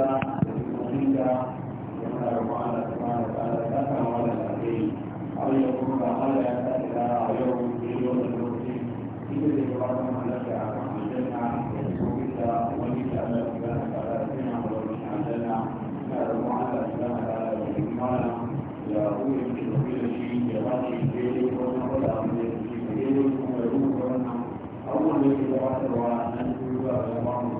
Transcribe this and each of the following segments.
أنت وفيك وما يفعل سبحانه وتعالى لك ولا لأبيه أو يكون على يسأل أو يوم في يوم المسلم إذا يقرأ لك عن الجنة وبك وبك على سبحانه وتعالى سمع وبك عن الجنة ما يفعل سبحانه وتعالى بالإيمان يا أولي من كل شيء يا غالي بيتك ونقل أمرك بيتك ويروح عنه أول الذي يعتبر أن يكون الله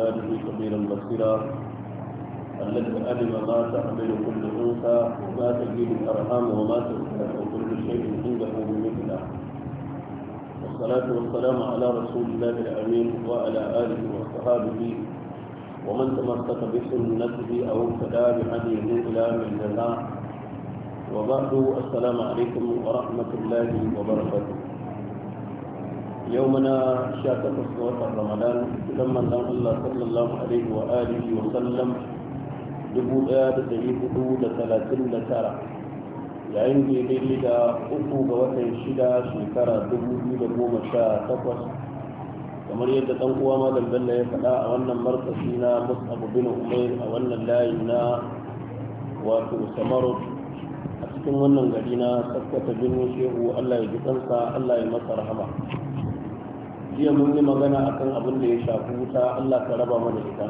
عباده كبيرا بصيرا الذي علم ما تحمل كل انثى وما تجيب الارحام وما تزداد كل شيء عنده بمثله والصلاه والسلام على رسول الله الامين وعلى اله وصحابه ومن تمسك بسنته او ابتدى بهديه الى من وبعد السلام عليكم ورحمه الله وبركاته yau muna sha takwas ga watan ramadan idan manzon allah sallallahu alaihi wa alihi wa sallam dubu ɗaya yayin da daidai da uku shekara kamar yadda ɗan uwa malam bello ya faɗa a wannan markashi na bin umair a wannan layi na wato a cikin wannan gari na sakkata bin shehu allah ya ji kansa allah ya masa rahama jiya mun yi magana akan abin da ya shafi wuta Allah ka raba mana ita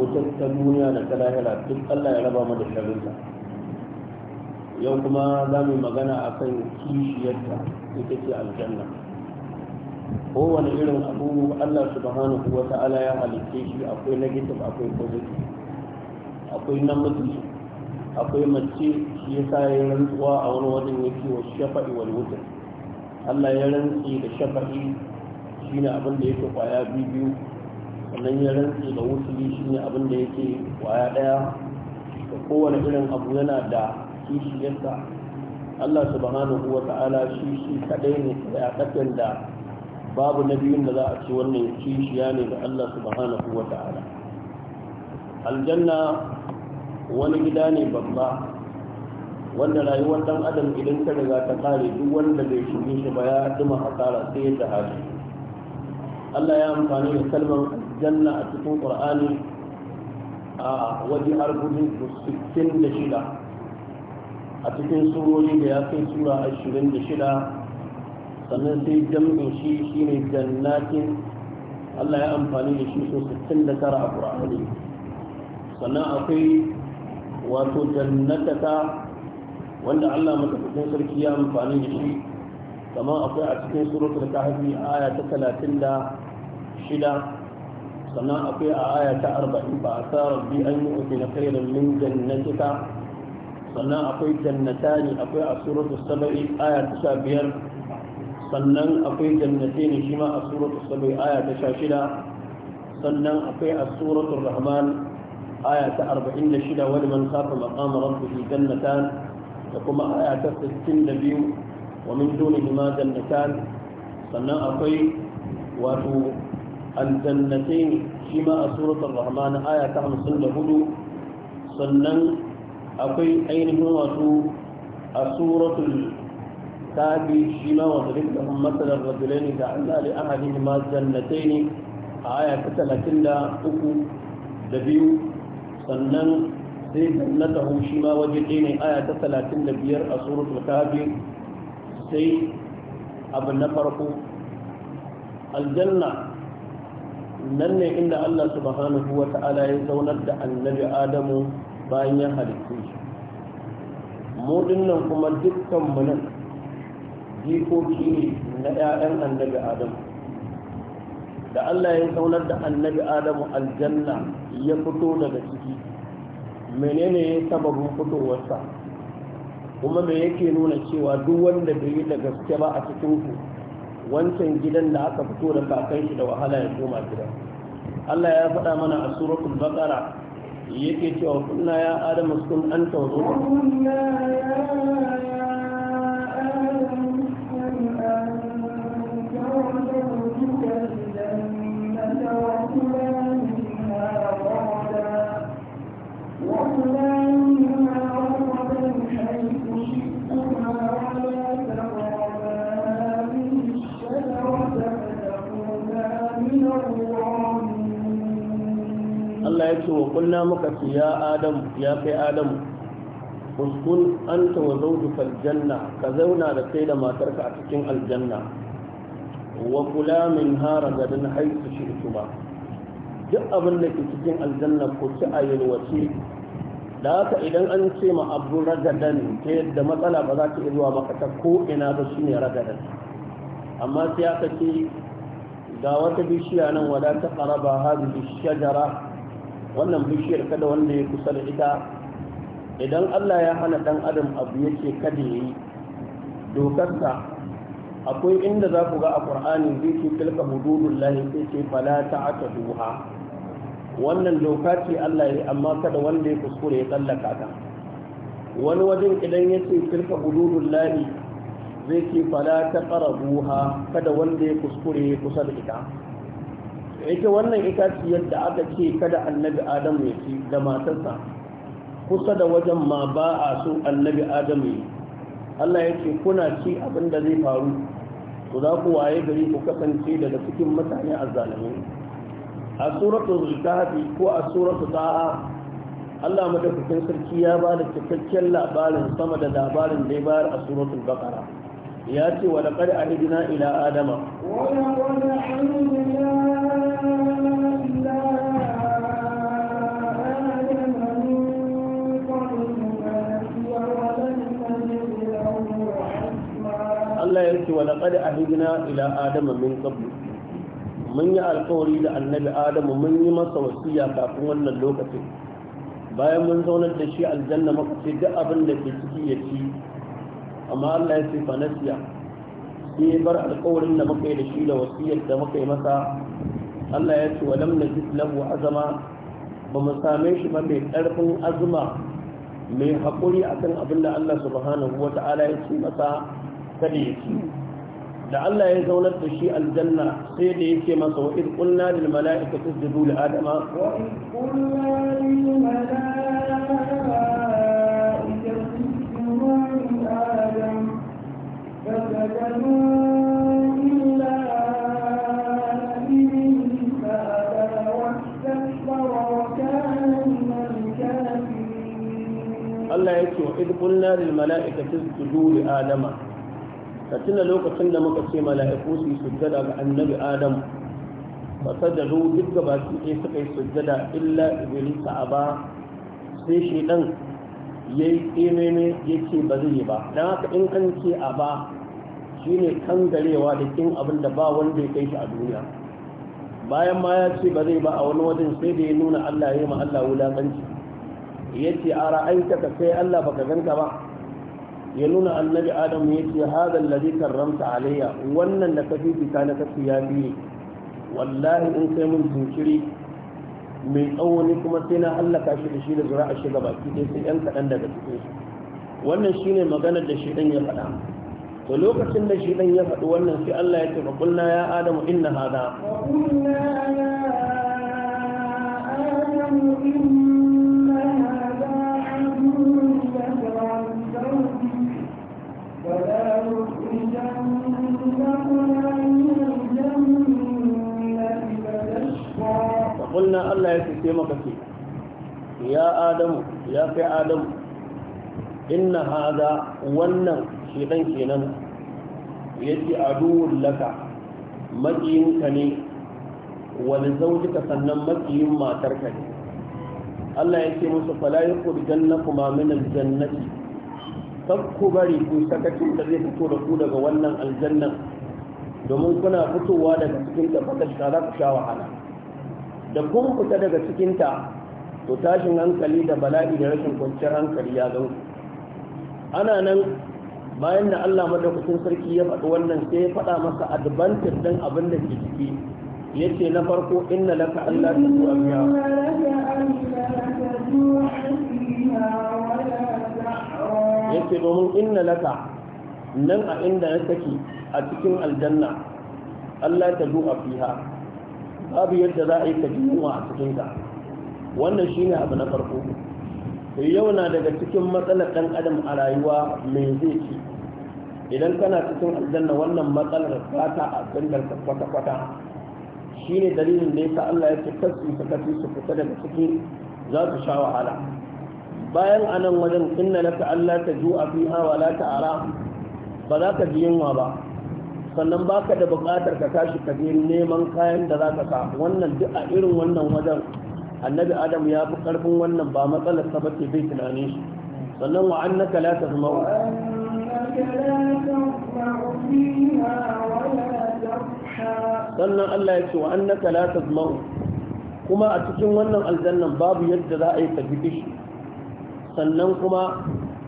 wutar ta duniya da ta lahira duk Allah ya raba mana sharinta yau kuma za mu magana akan kishiyarta ita ce aljanna kowane irin abu Allah subhanahu wa ta'ala ya halitta shi akwai negative akwai positive akwai namiji akwai mace shi yasa ya rantsuwa a wani wajen yake wa shafa'i wal wutr Allah ya rantsi da shafa'i shine abin da yake kwaya biyu sannan ya rantsi da wusuli shine abin da yake kwaya daya da kowane irin abu yana da kishiyarsa Allah subhanahu wa ta'ala shi shi kadai ne da kafin da babu na biyun da za a ce wannan kishiya ne ga Allah subhanahu wa ta'ala aljanna wani gida ne babba wanda rayuwar dan adam idan ta riga ta kare duk wanda bai shige shi ba ya duma hasara sai ya hali Allah ya amfani da kalmar janna a cikin Qur'ani a waje arba'in da sittin da shida a cikin surori da ya kai sura ashirin da shida sannan sai jam'in shi shine jannatin Allah ya amfani da shi so 69 a Qur'ani sannan akwai wato jannataka wanda Allah madaukakin sarki ya amfani da shi kamar akwai a cikin suratul kahfi aya ta 36 sannan akwai a aya ta arba'in ba a sa rabbi an yi ofe na kairin min jannatika sannan akwai jannata ne akwai a suratul saba'i aya ta sha biyar sannan akwai jannate ne shi ma a suratul saba'i aya ta sha shida sannan akwai a suratul rahman aya ta arba'in da shida wani man kafa maƙama rabbi jannatan da kuma aya ta 62 wa min dunihi ma jannatan sannan akwai wato aljannatain shi ma a suratul rahman aya ta 54 sannan akwai ainihin wato a suratul tabi shi ma wato duk da matsalar rajulaini da Allah li ahadihi ma jannataini a aya ta 33 da biyu sannan sai jannatahu shi ma waje ɗaya ne aya ta talatin da biyar a suratul kafir sai abu na farko aljanna nan ne inda Allah subhanahu wa ta'ala ya zaunar da annabi adamu bayan ya halittu shi mu dinnan kuma dukkan mu jikoki ne na 'ya'yan annabi adamu da Allah ya zaunar da annabi adamu aljanna ya fito daga ciki menene sababin fitowarsa kuma me yake nuna cewa duk wanda bai yi da gaske ba a cikin ku wancan gidan da aka fito da kakan shi da wahala ya koma gidan Allah ya faɗa mana a suratul baqara yake cewa kunna ya adam uskun anta wa kunna ya adam anta wa قلنا مكت يا آدم يا في آدم اسكن أنت وزوجك الجنة كزونا لسيدة ما ترك أتكين الجنة وكلا منها رجل حيث شئتما جاء ابن لك تكين الجنة كسأي الوسيل da haka idan an ce ma abu ragadan ta yadda matsala ba za ta iya zuwa maka ta ko ina ba shi ne ragadan amma sai aka ce ga wata bishiya nan wada ta karaba da shajara wannan bishiyar kada wanda ya kusa da ita idan Allah ya hana dan adam abu yake kada ya yayi dokarsa akwai inda za ku ga a ƙur'ani zai ce tilka lahi sai ce fala duha. wannan doka ce Allah ya amma kada wanda ya kuskure ya tsallaka ta wani wajen idan ya ce kirka hududul lahi zai ce fala ta buha kada wanda ya kuskure ya kusa da ita ita wannan itaciyar da aka ce kada annabi adam ya ci da matarsa kusa da wajen ma ba a so annabi adam ya Allah ya ce kuna ci abin da zai faru to za ku waye gari ku kasance daga cikin mutane azzalumai a suratul kahfi ko a suratul ta'a Allah madaukakin sarki ya ba da cikakken labarin sama da labarin da ya bayar a suratun Bakara. ya ce wa a hidina ila adama wa laqad ahidna ila Allah ya ce wa a hidina ila adama min qablu mun yi alkawari da annabi adamu mun yi masa wasiya kafin wannan lokacin bayan mun zaunar da shi aljanna maka ce duk abin da ke ciki ya ci amma Allah ya ce fa sai ya bar alkawarin da muka yi da shi da wasiyar da muka yi masa Allah ya ce wa lam najid lahu azama ba mu same shi ba mai ƙarfin azuma mai haƙuri akan abin da Allah subhanahu wata'ala ya ce masa kada ya ci da Allah ya zaunar da shi aljanna sai da yake masa wa iz qulna lil mala'ikati isjudu li adama wa iz qulna lil mala'ikati isjudu li adama fasajadu illa iblisa abaa wastakbara wa kana min al-kafirin Allah yake wa iz qulna lil mala'ikati isjudu li adama ka tuna lokacin da muka ce mala'iku su yi sujjada ga annabi adam ba ta da zo duk gabaki ɗaya suka yi sujjada illa iblis a ba sai shi ɗan ya yi ya ce ba zai yi ba don haka in an ce a ba shi ne kangarewa da kin abin da ba wanda ya kai shi a duniya bayan ma ya ce ba zai ba a wani wajen sai da ya nuna allah ya yi ma allah wulaƙanci ya ce a ra'ayinka ka kai allah baka ganka ba ya nuna annabi Adamu ya ce hada alladhi karramta alayya wannan da kafi fita na kafi ya bi wallahi in kai mun jinkiri mai tsawo ne kuma sai na hallaka shi da shi da zura a shiga baki ɗaya? sai yan kaɗan daga cikin su wannan ne maganar da shedan ya faɗa to lokacin da shedan ya faɗi wannan sai Allah ya ce fa qulna ya adamu inna hada qulna ya adamu inna wannan Allah ya sike maka ce ya adamu ya kai adamu inna hada wannan shidan kenan ya ce aduwun laka makiyinka ne wani zaujika sannan makiyin matarka ne Allah ya ce musu falayin kurgan na kuma minan jannaki sakku bari ku zai fito da ku daga wannan aljannan domin kuna fitowa daga cikinta tabbatar za ku sha wahala da kun fita daga cikinta to tashin hankali da bala'i da rashin kwanciyar hankali ya zo ana nan bayan da Allah madaukakin sarki ya faɗi wannan sai ya faɗa masa advantage din abin da ke ciki ya ce na farko inna laka Allah ta zuwa biya yace domin inna laka nan a inda ya take a cikin aljanna Allah ta a fiha babu yadda za a yi ka yunwa a cikin ka wannan ne abu na farko yau na daga cikin matsalar ɗan adam a rayuwa mai zai ci idan kana cikin aljanna wannan matsalar ba ta a aljannar kwata-kwata ne dalilin da yasa Allah ya ce kasu sakati su fita daga ciki za su sha wahala bayan anan wajen inna laka Allah ta ju'a fiha wa la ta'ara ba za ka ji yunwa ba sannan ba ka da buƙatar ka tashi ka je neman kayan da za ka sa wannan duk a irin wannan wajen annabi adam ya fi ƙarfin wannan ba matsalar sa bace bai tunani shi sannan wa annaka la tasma'u sannan Allah ya ce wa annaka la tasma'u kuma a cikin wannan aljannan babu yadda za a yi tafi sannan kuma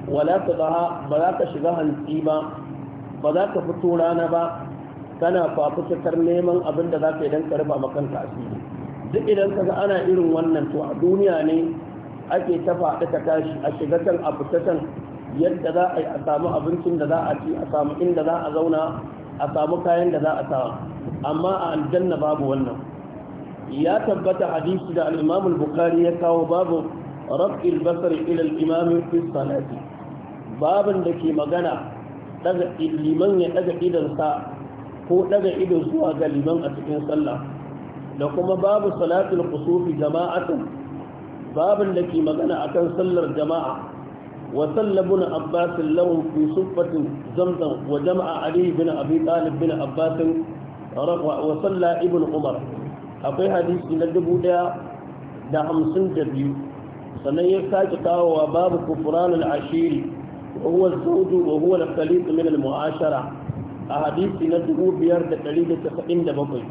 wala ta ba za ka shiga hantsi ba ba za ka fito rana ba kana fafutukar neman abin da za ka idan ka rufa a asiri duk idan ka ga ana irin wannan to a duniya ne ake ta faɗi ta tashi a shiga can a fita can yadda za a yi a samu abincin da za a ci a samu inda za a zauna a samu kayan da za a sa amma a aljanna babu wannan ya tabbata hadisi da al bukari ya kawo babu رفع ilal imamin fi salati babin da ke magana. liman ya ɗaga idonsa ko ɗaga ido zuwa ga liman a cikin sallah da kuma babu salatul kusufi jama'atun babin da ke magana a kan sallar jama'a wa sallabun abbasin lawan fi suffatin zamzan wa jama'a ali bin abi talib bin abbasin rafa wa salla ibn umar akwai hadisi na dubu daya da hamsin da biyu sannan ya sake kawowa babu kufuranin ashiri وهو الزوج وهو الخليط من المعاشرة أحاديث نتبو بيار دقليل تسعين دبقي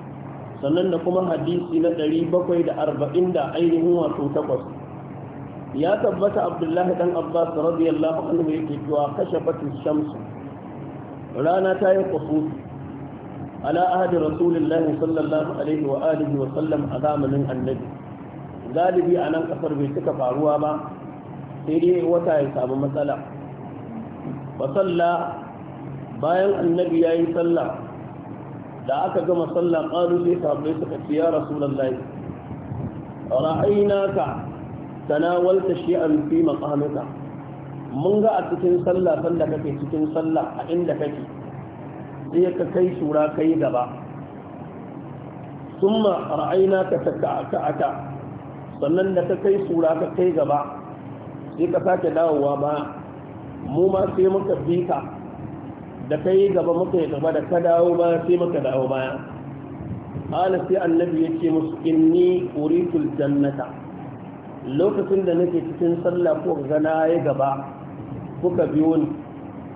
sannan da kuma hadisi na 740 da ainihin wato takwas ya tabbata abdullahi dan abbas radiyallahu anhu yake cewa kashe batu shamsu rana ta yi kusufi ala ahadi rasulullahi sallallahu alaihi wa wa sallam a zamanin annabi galibi a nan ƙasar bai cika faruwa ba sai dai wata ya samu matsala fasalla bayan annabi ya yi sallah da aka gama sallah ƙalu sai sahabbai suka ce ya rasulallahi ra'ainaka tanawalta shi'an fi maqamika mun ga a cikin sallah sallah kake cikin sallah a inda kake sai ka kai shura kai gaba summa ra'ainaka taka'aka sannan da ka kai shura ka kai gaba sai ka sake dawowa ba mu ma sai muka bi ka da kai gaba muka yi gaba da ka dawo ba sai muka dawo baya ala sai annabi ce musu inni uritul jannata lokacin da nake cikin sallah ko ga na yi gaba kuka biyo ni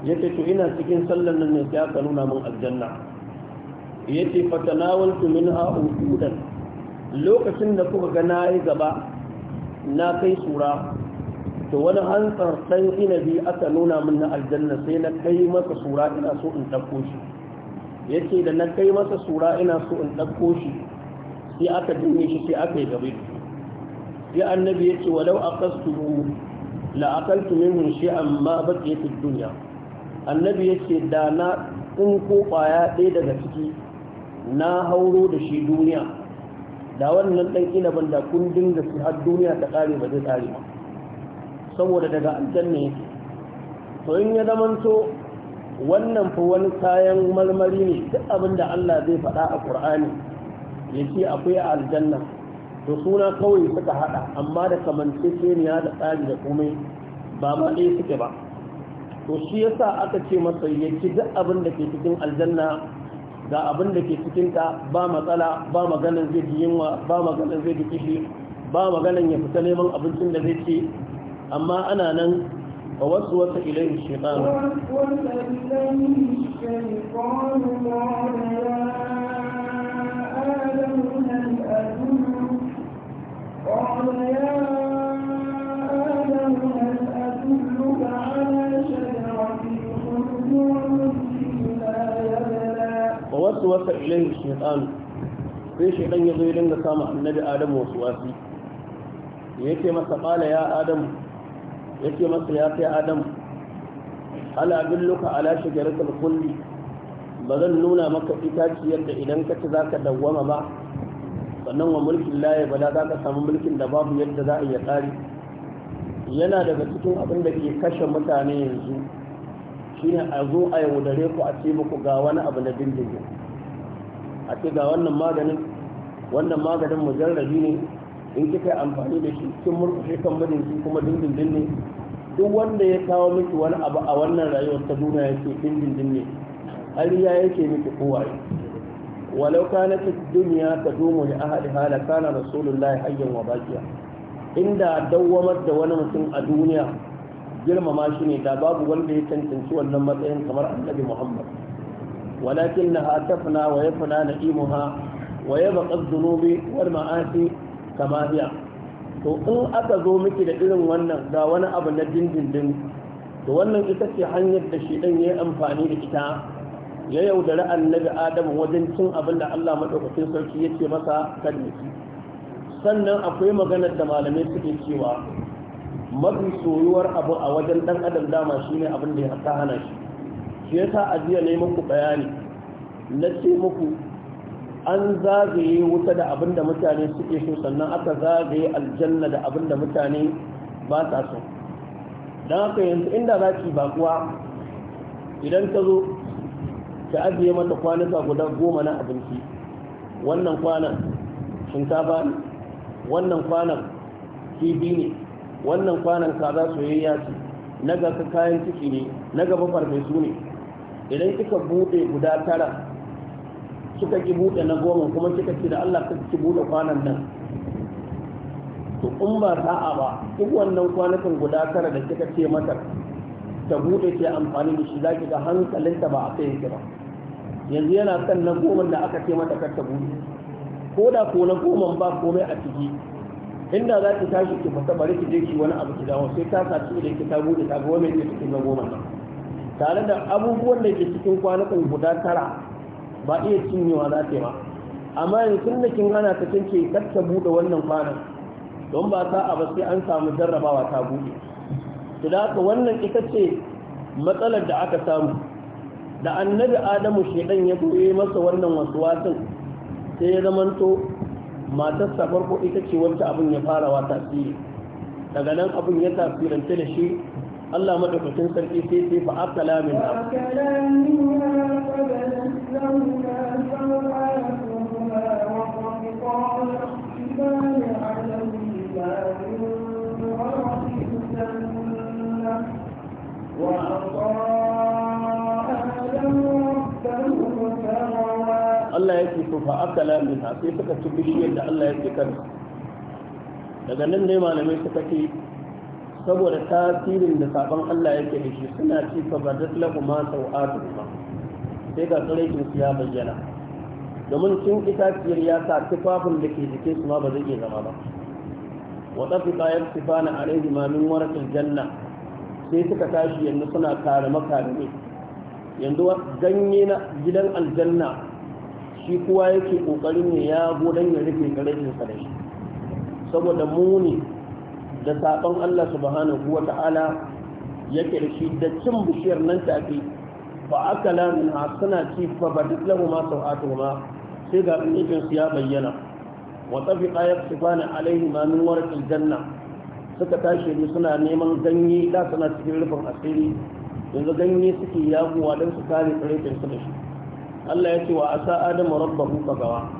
yace to ina cikin sallan nan ne sai aka nuna min aljanna yace fatanawaltu minha uqudan lokacin da kuka ga na yi gaba na kai sura to wani hantsar ɗan inabi aka nuna min na aljanna sai na kai masa sura ina so in ɗauko shi yake da na kai masa sura ina so in ɗauko shi sai aka dinne shi sai aka yi gabe sai annabi ya ce walau a kastu la akaltu minhu shay'an ma baqiyat ad duniya. annabi ya ce da na in ko kwaya ɗaya daga ciki na hauro da shi duniya da wannan ɗan inaban da kun dinga su har duniya ta ƙare ba zai ƙare ba saboda daga aljanna yake to in ya zamanto wannan fa wani kayan marmari ne duk abin da Allah zai faɗa a Qur'ani yace akwai a aljanna to suna kawai suka haɗa, amma da kamanceceniya da tsari da komai ba ma ɗaya suke ba to shi yasa aka ce masa yace duk abin da ke cikin aljanna ga abin da ke cikin ta ba matsala ba maganan zai ji yunwa ba maganan zai ji kishi ba maganan ya fita neman abincin da zai ci amma ana nan wa wasu wata ilayin shekaru قال يا آدم هل أدلك على شجرة الخلد والملك لا يبلى ووسوس إليه الشيطان sai shaidan ya zo ya dinga samun annabi adamu wasu wasi ya ce masa ƙala ya adamu yake masa ya kai adam ala luka ala shigarar kulli ba zan nuna maka itaciyar da idan ka ci za ka dawwama ba sannan wa mulkin laye ba za ka samu mulkin da babu yadda za a iya tsari yana daga cikin abin da ke kashe mutane yanzu shine a zo a yaudare ku a ce muku ga wani abu na bindigin a ce ga wannan maganin wannan maganin mujarrabi ne in kika amfani da shi kin murkushe kan mijinki kuma dindindin ne duk wanda ya kawo miki wani abu a wannan rayuwar ta duniya yake dindindin ne ƙarya yake miki kowaye walau kanat ad ta tadumu ahadi ahliha la kana rasulullahi hayyan wa baqiya inda dawwamar da wani mutum a duniya girmama shi ne da babu wanda ya cancanci wannan matsayin kamar annabi Muhammad walakinnaha tafna wa yafna imuha wa yabqa adh-dhunubi wal ma'asi samaniya to in aka zo miki da irin wannan ga wani abu na dindindin to wannan ita ce hanyar da shi dan yayi amfani da ita ya yaudari annabi adamu wajen cin abin da Allah madaukakin sarki ya ce masa kada sannan akwai maganar da malamai suke cewa mafi soyuwar abu a wajen ɗan adam dama shine abin da ya hana shi shi yasa a jiya ne muku bayani na ce muku an zagaye wuta da abin da mutane suke so sannan aka zagaye aljanna da abin da mutane ba sa so don haka yanzu inda za ki bakuwa idan ta zo ta ajiye mata kwanuka guda goma na abinci wannan kwanan shinkafa ne wannan kwanan kibi ne wannan kwanan kaza soyayya ce na ga kayan ciki ne na gaba farfesu ne idan kika bude guda tara kika ki bude na goma kuma kika ci da Allah ka ki bude kwanan nan to in ba sa'a ba duk wannan kwanakin guda tara da kika ce mata ta bude ce amfani da shi za ki ga hankalinta ba a kai ba yanzu yana kan na goma da aka ce mata kar ta bude. ko da ko na goma ba komai a ciki inda za ki tashi ki fita bari ki je ki wani abu ki dawo sai ta saci da ki ta bude ta ga wani ki cikin na goma nan tare da abubuwan da ke cikin kwanakin guda tara ba iya cinyewa za ta yi ba amma yanzu da kin ana ta cinke kar ta buɗe wannan kwanan don ba sa'a ba sai an samu jarrabawa ta buɗe su da haka wannan ita ce matsalar da aka samu da annabi adamu shaidan ya goye masa wannan wasuwasin sai ya zamanto matarsa farko ita ce wacce abin ya fara wa tasiri daga nan abin ya tasirance da shi Allah madaukakin sarki sai sai fa akala min ha Allah ya ce fa akala min ha sai suka ci bishiyar da Allah ya ce kan daga nan ne malamai suka ce saboda tasirin da sabon Allah yake da shi suna ci fa badat lahu ma sau'atu ba, sai ga tsaraikin su ya bayyana domin cin itaciyar ya sa tufafin da ke jikin su ma ba zai iya zama ba wa tafika ya tufana a ma min waratul janna sai suka tashi yanzu suna kare makarami yanzu ganye na gidan aljanna shi kuwa yake kokarin ne ya dan ya rufe karejin sa da shi saboda muni da saƙon Allah subhanahu wa ta'ala yake da shi da cin bishiyar nan take ba aka lamina suna ci fa ba duk lahu ma sau'atu ma sai ga nufin su ya bayyana wa tafi ayat sifani alaihi ma min warqil janna suka tashi ne suna neman ganye da suna cikin rufin asiri yanzu ganye suke yaguwa don su kare tsirrikin su da shi Allah ya ce wa asa adamu rabbahu fagawa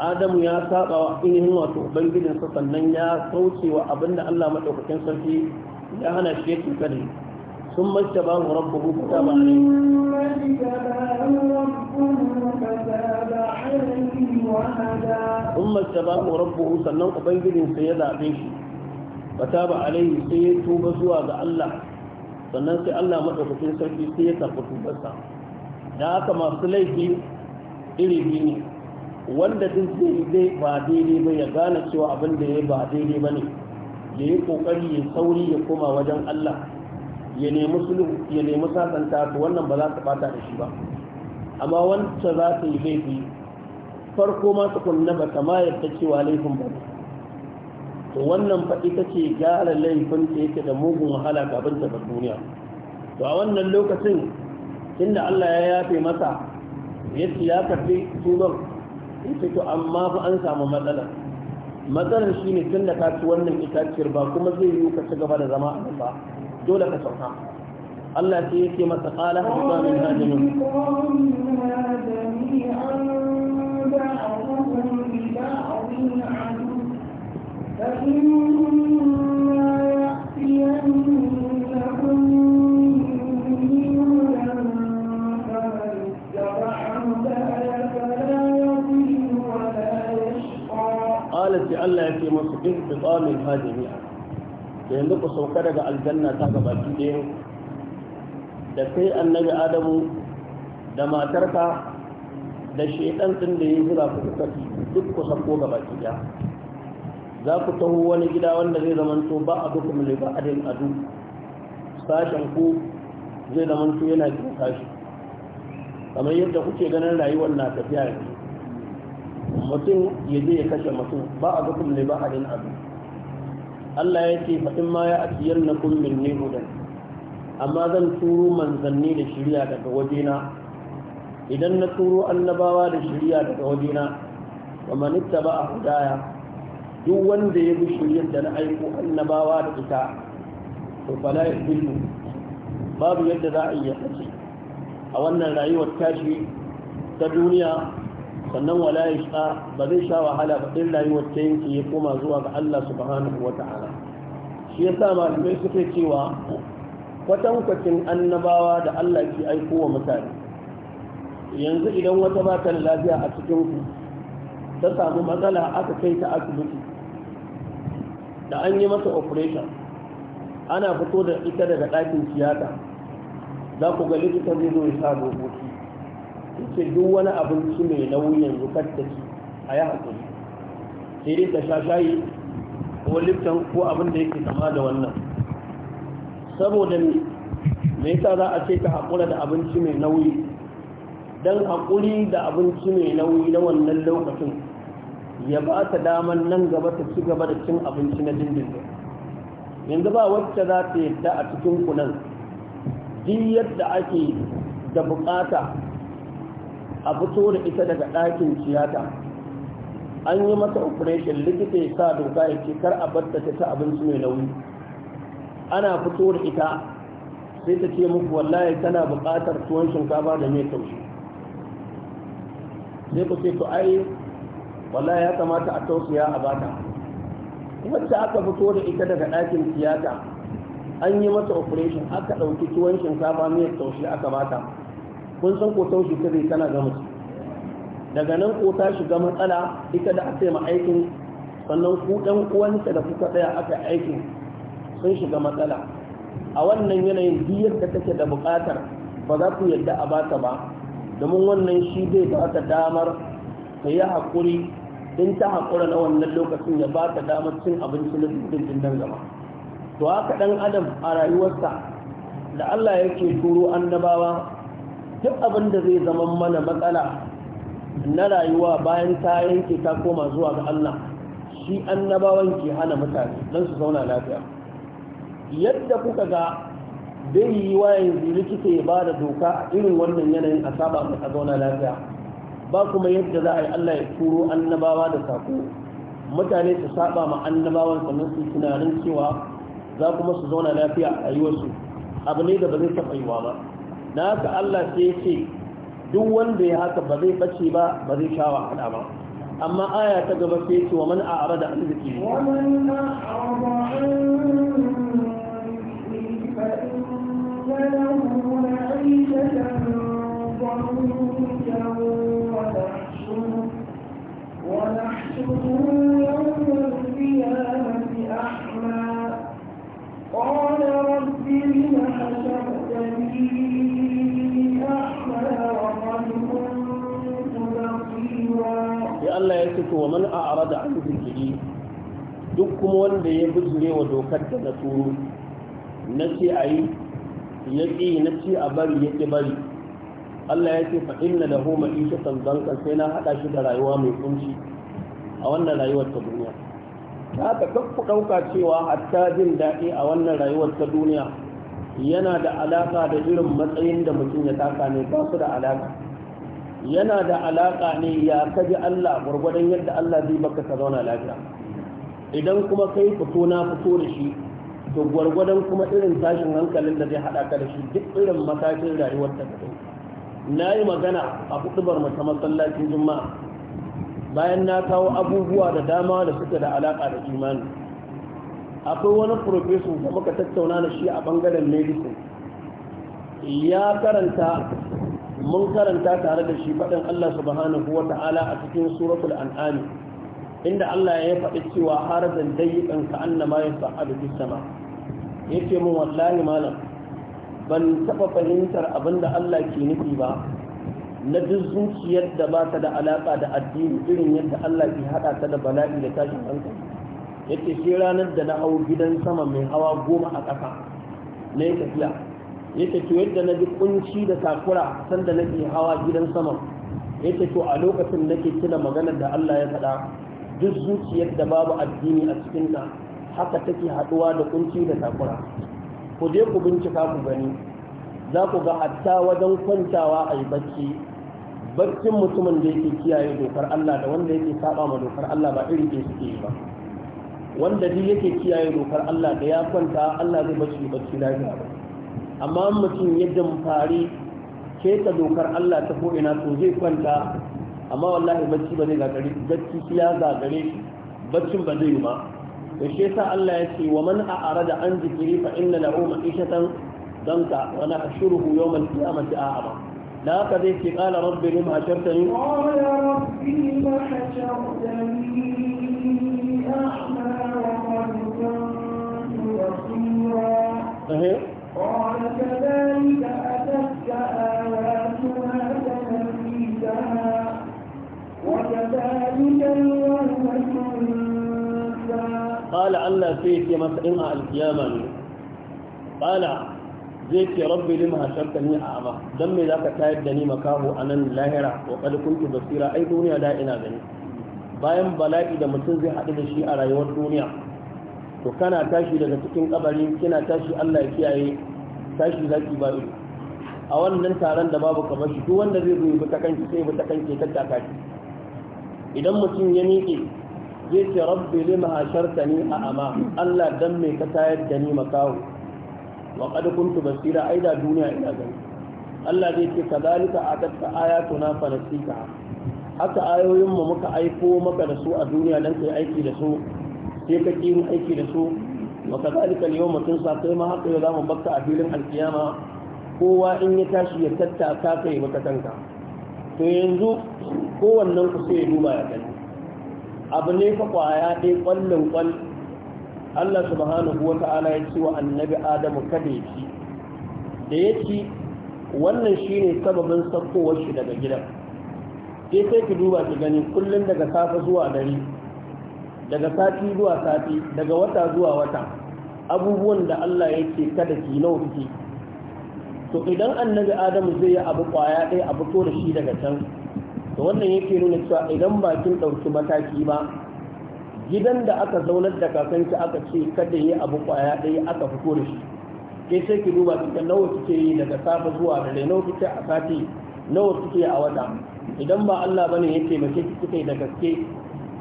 adamu ya saba wa ainihin wato ubangijin sa sannan ya kauce wa abinda Allah madaukakin sarki ya hana shi yake kare sun mace ba mu rabbu ku ta ba ne sun mace ba mu rabbu sannan ubangijin ya zaɓe shi fata ba alaihi sai ya tuba zuwa ga Allah sannan sai Allah madaukakin sarki sai ya karɓi tubarsa da haka masu laifi iri biyu ne wanda duk zai dai ba daidai ba ya gane cewa abin da ya ba daidai ba ne ya yi kokari ya sauri ya koma wajen Allah ya nemi sulhu ya nemi sasanta to wannan ba za ta bata da shi ba amma wanda za ta yi laifi farko ma tukunna ba ta yadda cewa laifin ba to wannan fa ita ce gyara laifin da yake da mugun wahala gaban ta duniya to a wannan lokacin inda Allah ya yafe masa ya ya karfe tuban ita to amma fa an samu matsala matsalar shine tun da ka ci wannan itaciyar ba kuma zai yi ka ci gaba da zama a ba dole ka sauka Allah sai yake masa qala hadda min hadimin فإن ce musu in fi tsamin ha a da yanzu ku sauka daga aljanna ta ga baki ɗaya da kai annabi adamu da matarka da shaidan ɗin da ya zura ku kuka duk ku sauko ga baki ɗaya za ku taho wani gida wanda zai zamanto ba a duk mu ba adin adu sashen ku zai zamanto yana jin sashi kamar yadda kuke ganin rayuwar na tafiya yanzu mutum ya je ya kashe mutum ba a dukkan ne ba a rin abu Allah ya ce faɗin ma ya ajiyar na kummin ne hudan amma zan turo manzanni da shirya daga wajena idan na turo annabawa da shirya daga wajena wa manitta ba a hudaya duk wanda ya bi shiryar da na aiko annabawa da ita to fala ya babu yadda za a iya kace a wannan rayuwar tashi ta duniya sannan wala ya sha ba zai sha wahala ba ɗin rayuwar ta yanki ya koma zuwa ga Allah subhanahu wa ta'ala shi yasa malamai suke cewa kwatankwacin annabawa da Allah ke aiko wa mutane yanzu idan wata ba ta lafiya a cikin ku ta samu matsala aka kai ta asibiti da an yi masa operation ana fito da ita daga ɗakin tiyata za ku ga likita zai zo ya sa dokoki ce duk wani abinci mai nauyin yanzu kadda ci a yi haƙuri sai dai ta sha shayi ko liftan ko abin da yake kama da wannan saboda me mai yasa za a ce ka haƙura da abinci mai nauyi don haƙuri da abinci mai nauyi na wannan lokacin ya ba ta daman nan gaba ta ci gaba da cin abinci na dindindin yanzu ba wacce za ta yadda a cikin kunan duk yadda ake da bukata a fito da ita daga ɗakin tiyata an yi mata operation likita ya sa doka ya ce kar a batta ta ta abinci mai nauyi ana fito da ita sai ta ce muku wallahi tana buƙatar tuwon shinkafa da mai taushi sai ku ce to ai wallahi ya kamata a tausaya a bata wacce aka fito da ita daga ɗakin tiyata an yi mata operation aka ɗauki tuwon shinkafa mai taushi aka bata kun san ko taushi ta zai tana ga mutu daga nan ko ta shiga matsala ita da aka yi aikin sannan ku ɗan uwanta da kuka tsaya aka aikin sun shiga matsala a wannan yanayin biyar da take da buƙatar ba za ku yadda a bata ba domin wannan shi zai ba ta damar ta yi haƙuri in ta haƙura na wannan lokacin ya ba ta damar cin abinci na dindin nan gaba to haka ɗan adam a rayuwarsa da Allah yake turo annabawa duk abin da zai zama mana matsala na rayuwa bayan ta yanke ta koma zuwa ga Allah shi annabawan ke hana mutane don su zauna lafiya yadda kuka ga bai yi wa yanzu likita ya ba da doka a irin wannan yanayin a saba a zauna lafiya ba kuma yadda za a yi Allah ya turo annabawa da sako mutane su saba ma annabawan sannan su tunanin cewa za kuma su zauna lafiya a yi wasu abu ne da ba zai taɓa yiwa ba na haka Allah sai ya ce duk wanda ya haka ba zai bace ba ba zai sha wahala ba amma aya ta gaba sai ya ce wa man a'rada an zikiri wa man a'rada an zikiri fa inna lahu ma'ishatan ضنكا ونحشره ونحشره يوم القيامة أعمى قال رب لم حشرتني Allah ya ce to man a'rada an zikiri duk kuma wanda ya bijire wa dokar da na turo na ce ayi ya ƙi na a bari ya ƙi bari Allah ya ce fa inna lahu ma'ishatan zankan sai na hada shi da rayuwa mai kunci a wannan rayuwar ta duniya ta haka kafu dauka cewa hatta jin daɗi a wannan rayuwar ta duniya yana da alaka da irin matsayin da mutum ya taka ne ba su da alaƙa yana da alaƙa ne ya kaji Allah gwargwadon yadda Allah zai baka ka zauna lafiya idan kuma kai fito na fito da shi to gwargwadon kuma irin tashin hankalin da zai haɗa ka da shi duk irin matakin rayuwar ta kai na yi magana a hudubar mata masallacin juma'a bayan na kawo abubuwa da dama da suke da alaka da imani akwai wani profesor da muka tattauna da shi a bangaren medicine ya karanta mun karanta tare da shi faɗin Allah subhanahu wa ta'ala a cikin suratul an'am inda Allah ya faɗi cewa harajan dayyikan ka annama yas'alu fis sama yace mun wallahi malam ban taɓa fahimtar abinda Allah ke nufi ba na duk zuciyar da ba ta da alaƙa da addini irin yadda Allah ke haɗa ta da bala'i da tashin hankali yace shi ranar da na hau gidan sama mai hawa goma a ƙasa na yi tafiya yake to yadda na ji kunci da takura sanda nake hawa gidan sama yake to a lokacin nake tuna maganar da Allah ya faɗa duk zuciyar da babu addini a cikin ta haka take haɗuwa da kunci da takura ku je ku bincika ku gani za ku ga hatta wajen kwantawa a yi bacci baccin mutumin da yake kiyaye dokar Allah da wanda yake saba ma dokar Allah ba iri ɗaya suke yi ba wanda duk yake kiyaye dokar Allah da ya kwanta Allah zai bacci bacci lafiya ba amma mutum ya damfari keta dokar Allah ta ko'ina to zai kwanta amma wallahi bacci ba zai gagare bacci ya gagare baccin ba zai yi ba da shi yasa Allah ya ce wa man a'ara da an zikiri fa inna lahu ma'ishatan danka wa nahshuruhu yawmal qiyamati a'ama da haka zai ce qala rabbi lim hashartani qala rabbi ma hashartani a'ma wa qad kuntu basira قال الله فيك يا مسئمة القيامة قال زيك يا ربي لما هشبتني أعمى دمي ذاك تايد جني مكاهو أنا لاهرة وقد كنت بصيرا أي دنيا لا إنا بني باين بلاكي دمتنزي حديد الشيء على يوم الدنيا to kana tashi daga cikin kabari kina tashi Allah ya kiyaye tashi zaki ba ido a wannan taron da babu kamar shi duk wanda zai zo ta kanki sai bi ta kanki ta taka shi idan mutum ya miƙe zai ce rabbi lima hashartani a ama Allah dan me ka tayar da ni makawo wa qad kuntu basira aida duniya ina gani Allah zai ce kadalika atatka ayatuna fa nasika haka ayoyin mu muka aiko maka da su a duniya dan kai aiki da su sai ka yin aiki da su wa kadhalika al mutum tunsa kai ma haka yau zamu bakka a filin alkiyama kowa in ya tashi ya tattaka kai maka kanka to yanzu kowannen ku sai ya duba ya gani abu ne fa kwaya dai kwallon kwal Allah subhanahu wa ta'ala ya ce wa annabi Adamu kada ya ci da ya ci wannan shine sababin sakkowar shi daga gidan sai sai ki duba ki gani kullum daga kafa zuwa dare daga sati zuwa sati daga wata zuwa wata abubuwan da Allah yake kada ki nawa kike to idan annabi Adamu zai yi abu kwaya ɗaya abu to da shi daga can to wannan yake nuna cewa idan bakin ɗauki mataki ba gidan da aka zaunar da kakanki aka ce kada yi abu kwaya ɗaya aka fito da shi ke sai ki duba kika nawa kike yi daga safa zuwa da rai nawa kike a sati nawa kike a wata idan ba Allah bane ya mace ki kike da gaske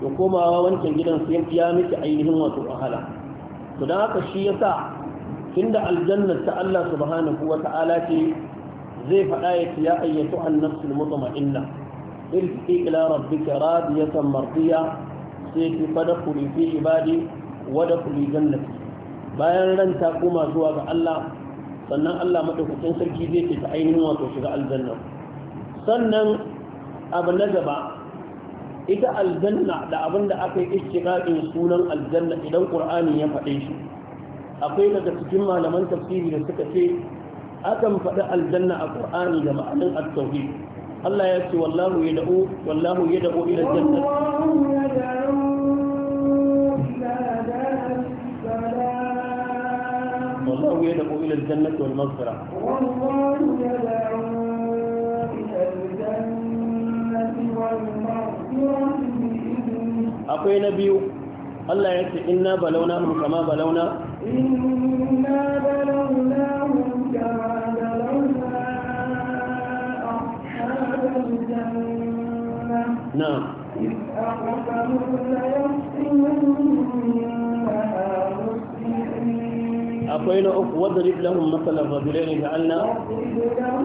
to komawa wancan gidan sai ya miki ainihin wato wahala to dan haka shi yasa inda aljanna ta Allah subhanahu wa ta'ala ce zai faɗa ya ce ya ayyatu an-nafs al-mutma'inna irji ila rabbika radiyatan mardiya sai ki fada kuri fi ibadi wa da kuri jannati bayan ran ta koma zuwa ga Allah sannan Allah madaukakin sarki zai ce ta ainihin wato shiga aljanna sannan abu na gaba ita aljanna da abin da aka yi ishtiqaqin sunan aljanna idan qur'ani ya faɗe shi akwai daga cikin malaman tafsiri da suka ce akan faɗi aljanna a qur'ani da ma'anin at-tauhid Allah ya ce wallahu yad'u wallahu yad'u ila al-jannah akwai na biyu Allah ya ce inna balauna hum kama balauna inna balauna hum kama balauna ashabal janna na'am إذ أقسموا ليصرمنها أقول أف واضرب لهم مثلا رجلين جعلنا أضرب لهم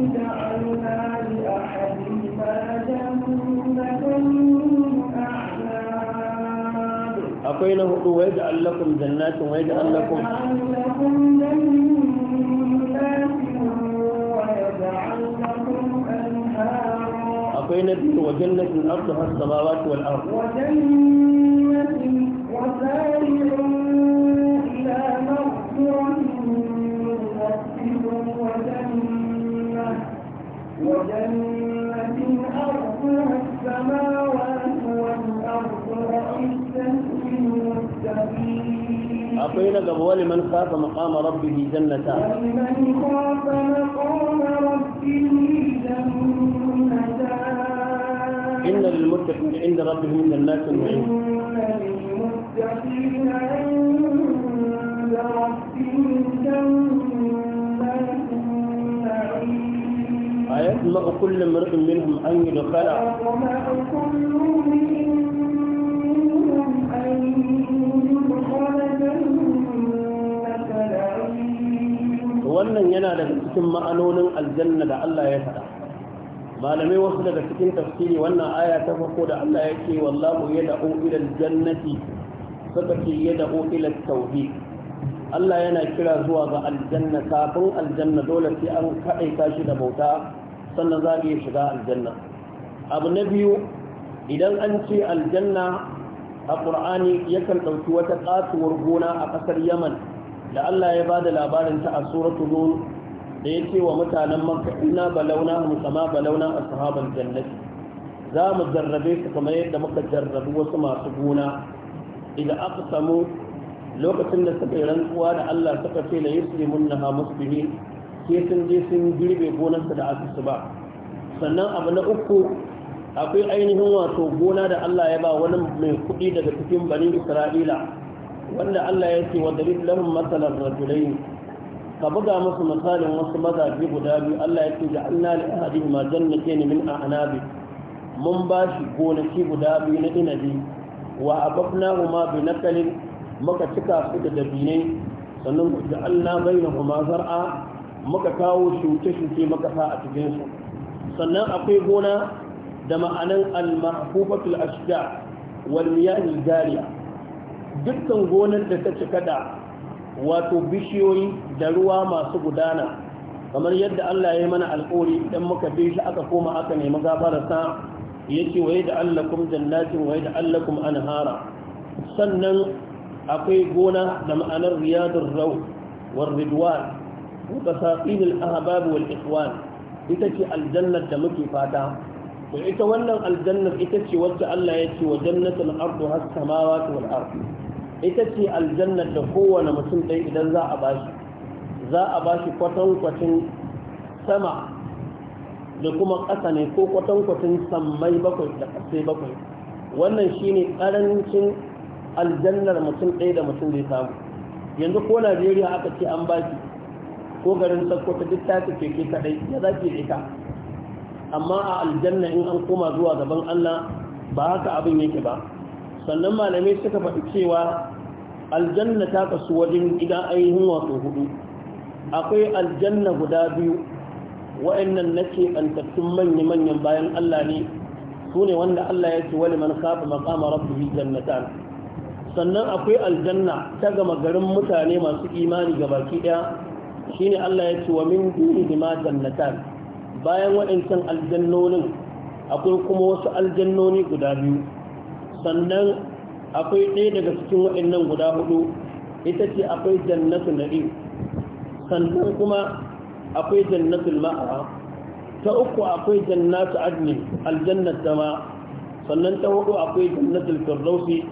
مثلا akwai na hudu wai da allakun jannatin wai da allakun akwai na biyu wa jannatin ardu har samawati wal ardu وجنة وقيل قبل ولمن خاف مقام ربه جنتان ولمن خاف مقام ربه جنتان إن للمتقين عند ربه من الناس إن للمتقين عند ربه ويطمع كل امرئ منهم ان يدخل ويطمع كل امرئ wannan yana daga cikin ma'anonin aljanna da Allah ya faɗa malamai wasu daga cikin tafsiri wannan aya ta farko da Allah ya ce wallahu yad'u ila aljannati saka ce yad'u ila tauhid Allah yana kira zuwa ga aljanna kafin aljanna dole sai an kaɗaita shi da bauta sannan za iya shiga aljanna abu na biyu idan an ce aljanna a ƙur'ani yakan ɗauki wata ƙatuwar gona a ƙasar yaman da Allah ya da labarin ta a suratul nun da yake wa mutanen makka inna balawna hum kama balawna ashabal jannati za mu jarrabe su kamar yadda muka jarrabu wasu masu gona idan samu lokacin da suka yi rantsuwa da Allah suka ce la yuslimunnaha musbihin ke sun je sun girbe gonarsa da asusu ba sannan abu na uku akwai ainihin wato gona da Allah ya ba wani mai kuɗi daga cikin bani Isra'ila wanda Allah ya ce wa dalil lahum masalan rajulain ka buga musu misalin wasu mazaje guda biyu Allah ya ce ja'alna li ahadihima ni min a'nabi mun ba shi gonaki guda biyu na inabi wa ababnahuma bi nakalin muka cika su da dabine, sannan ku ja'alna bainahuma zar'a muka kawo shuke-shuke muka sa a cikin su sannan akwai gona da ma'anan al-mahfufatul ashja wal miyahil jariya dukkan gonar da ta cika da wato bishiyoyi da ruwa masu gudana kamar yadda Allah ya mana alƙori idan muka bi shi aka koma aka nemi gafararsa yace waye da allakum jannatin waye da allakum anhara sannan akwai gona da ma'anar riyadun raw war ridwan wa qasatin al ahbab wal ikhwan ita ce aljannar da muke fata to ita wannan aljannar ita ce wacce Allah ya ce wa jannatul ardu has samawati wal ard ita ce aljannar da kowane mutum ɗaya idan za a bashi za a bashi kwatankwacin sama da kuma ƙasa ne ko kwatankwacin sammai bakwai da ƙasai bakwai wannan shine karancin aljannar mutum ɗaya da mutum zai samu yanzu ko Najeriya aka ce an baki ko garin Sokoto duk ta tafi ke kadai ya zaki ita amma a aljanna in an koma zuwa gaban Allah ba haka abin yake ba sannan malamai suka faɗi cewa aljanna ta kasu wajen gida ainihin wato hudu akwai aljanna guda biyu wa'annan nake antattun manya-manyan bayan Allah ne su ne wanda Allah ya ce wani man kafa makama rabbi jannatan sannan akwai aljanna ta gama garin mutane masu imani gabaki ɗaya shine Allah ya ce wa min duni ma jannatan bayan waɗancan aljannonin akwai kuma wasu aljannoni guda biyu sannan akwai ɗaya daga cikin waɗannan guda hudu ita ce akwai jannatu na'im sannan kuma akwai jannatu ma'awa ta uku akwai jannatu adni aljannar dama sannan ta hudu akwai jannatu firdausi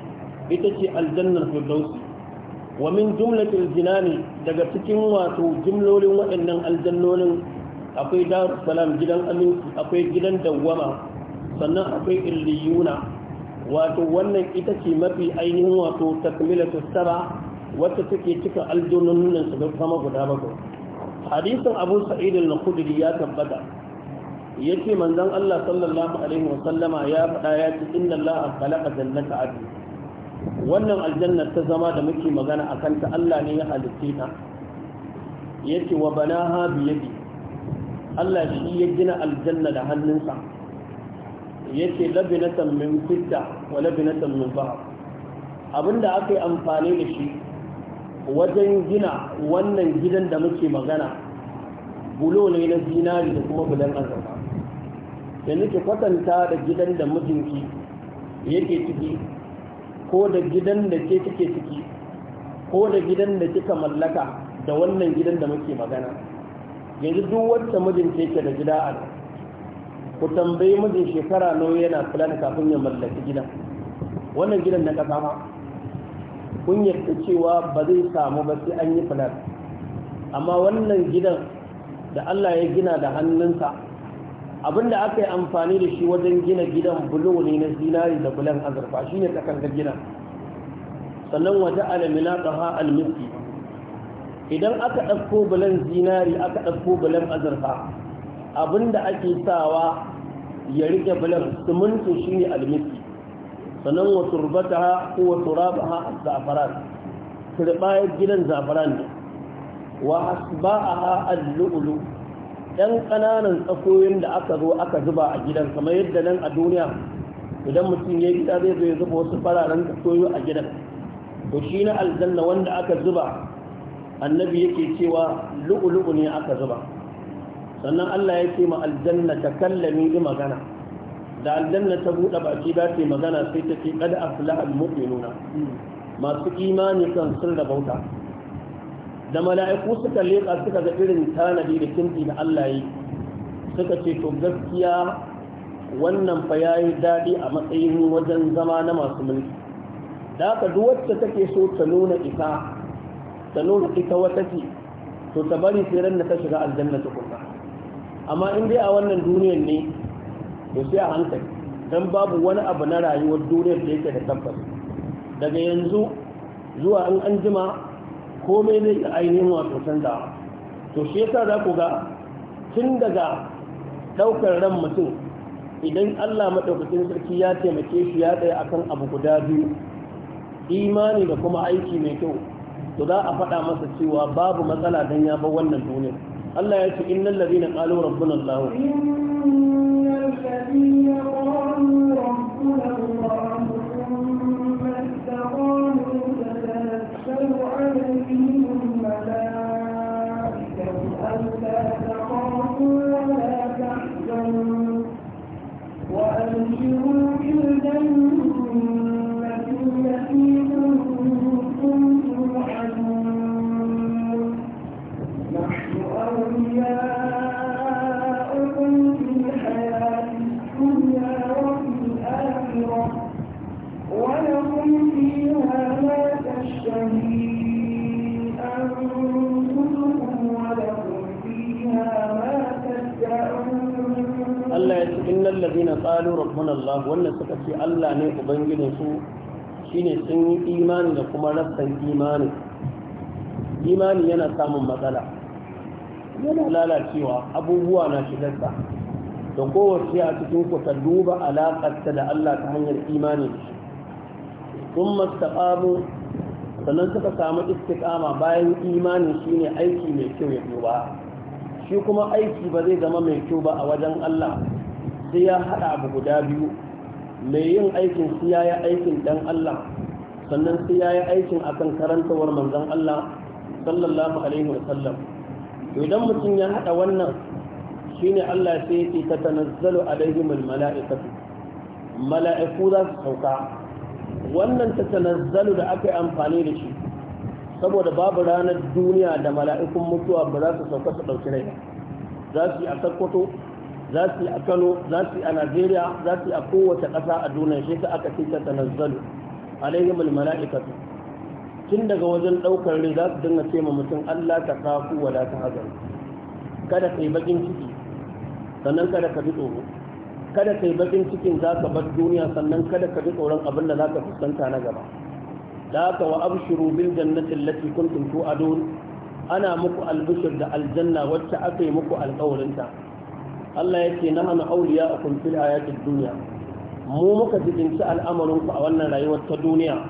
ita ce aljannar firdausi wa min jumlatul jinani daga cikin wato jumlolin waɗannan aljannonin akwai darus gidan aminci akwai gidan dawwama sannan akwai illiyuna wato wannan ita ce mafi ainihin wato takmilatu saba wacce take cikin aljonon nan su kama guda bakwai hadisin abu sa'id al-khudri ya tabbata yace manzon Allah sallallahu alaihi wasallama ya faɗa ya ce inna Allah khalaqa jannata adu wannan aljanna ta zama da muke magana akan ta Allah ne ya halicce ta yace wa banaha bi yadi Allah shi ya gina aljanna da hannunsa yake labinatan min fitta wa labinatan min fahab abinda aka yi amfani da shi wajen gina wannan gidan da muke magana bulo ne na zinari da kuma bulan azaba yanzu nake kwatanta da gidan da mijinki yake ciki ko da gidan da ke kike ciki ko da gidan da kika mallaka da wannan gidan da muke magana yanzu duk wata mijinta yake da gida a ku tambayi mijin shekara nawa yana kula da kafin ya mallaki gidan. wannan gidan na kasa ma kun yarda cewa ba zai samu ba sai an yi plan amma wannan gidan da Allah ya gina da hannunsa abinda aka yi amfani da shi wajen gina gidan bulo ne na zinari da bulan azurfa shine takarda gidan sannan waje alamina ha almiski idan aka ɗasko bulan zinari aka ɗasko bulan azurfa abinda ake sawa ya rike bulan siminti shine almiki sannan wa ha ko wa ha a zafaran turbayar gidan za'faran ne wa asba'aha al-lu'lu ɗan ƙananan tsakoyin da aka zo aka zuba a gidan kamar yadda nan a duniya idan mutum ya gida zai zo ya zuba wasu fararen tsakoyi a gidan to shi na aljanna wanda aka zuba annabi yake cewa lu'ulu'u ne aka zuba sannan Allah ya ce ma aljanna ta kallami yi magana da aljanna ta buɗe baki ba ta magana sai ta ce kada aflaha muminuna masu imani kan sun bauta da mala'iku suka leƙa suka ga irin tanadi da kinti da Allah yi suka ce to gaskiya wannan fa yayi daɗi a matsayin wajen zama na masu mulki da haka duk wacce take so ta nuna isa sanuru ita wata ce to ta bari sai ran da ta shiga aljanna ta kuma amma in dai a wannan duniyar ne to sai a hankali dan babu wani abu na rayuwar duniyar da yake da tabbas daga yanzu zuwa an an jima komai zai ga ainihin wato da to shi yasa za ku ga tun daga ɗaukar ran mutum idan Allah maɗaukakin sarki ya taimake shi ya tsaya akan abu guda biyu imani da kuma aiki mai kyau to za a faɗa masa cewa babu matsala dan ya bar wannan duniya Allah ya ce innal ladina qalu rabbuna Allah rabbuna Allah wannan suka ce Allah ne ubangijin su shine sun yi imani da kuma rassan imani imani yana samun matsala yana lalacewa abubuwa na shigarsa da kowace a cikin ku ta duba alaƙarta da Allah ta hanyar imani da shi sun sannan suka samu istiƙama bayan imani shine aiki mai kyau ya duba shi kuma aiki ba zai zama mai kyau ba a wajen Allah sai ya haɗa abu guda biyu mai yin aikin su ya yi aikin dan Allah sannan sai ya yi aikin a kan karantawar manzan Allah sallallahu alaihi wa idan mutum ya haɗa wannan shine Allah sai yake ta tanazzalu alaihim almala'ikatu mala'iku za su sauka wannan ta tanazzalu da aka yi amfani da shi saboda babu ranar duniya da mala'ikun mutuwa ba za su sauka su ɗauki rai za su yi a sakkwato za su yi a kano za su yi a najeriya za su yi a kowace ƙasa a duniya shi ta aka ce ta tanazzalu alaihim almala'ikatu tun daga wajen ɗaukar rai za su dinga ce ma mutum allah ta kafu wa la ta hazar kada kai bakin ciki sannan kada ka bi tsoro kada kai bakin cikin za ka bar duniya sannan kada ka bi tsoron abin da za ka fuskanta na gaba da haka wa abshiru bil jannati allati kuntum tu'adun ana muku albishir da aljanna wacce aka yi muku alƙawarinta Allah ya ce na hana auliya a kumfil ayatul duniya mu muka jibinci al'amarin ku a wannan rayuwar ta duniya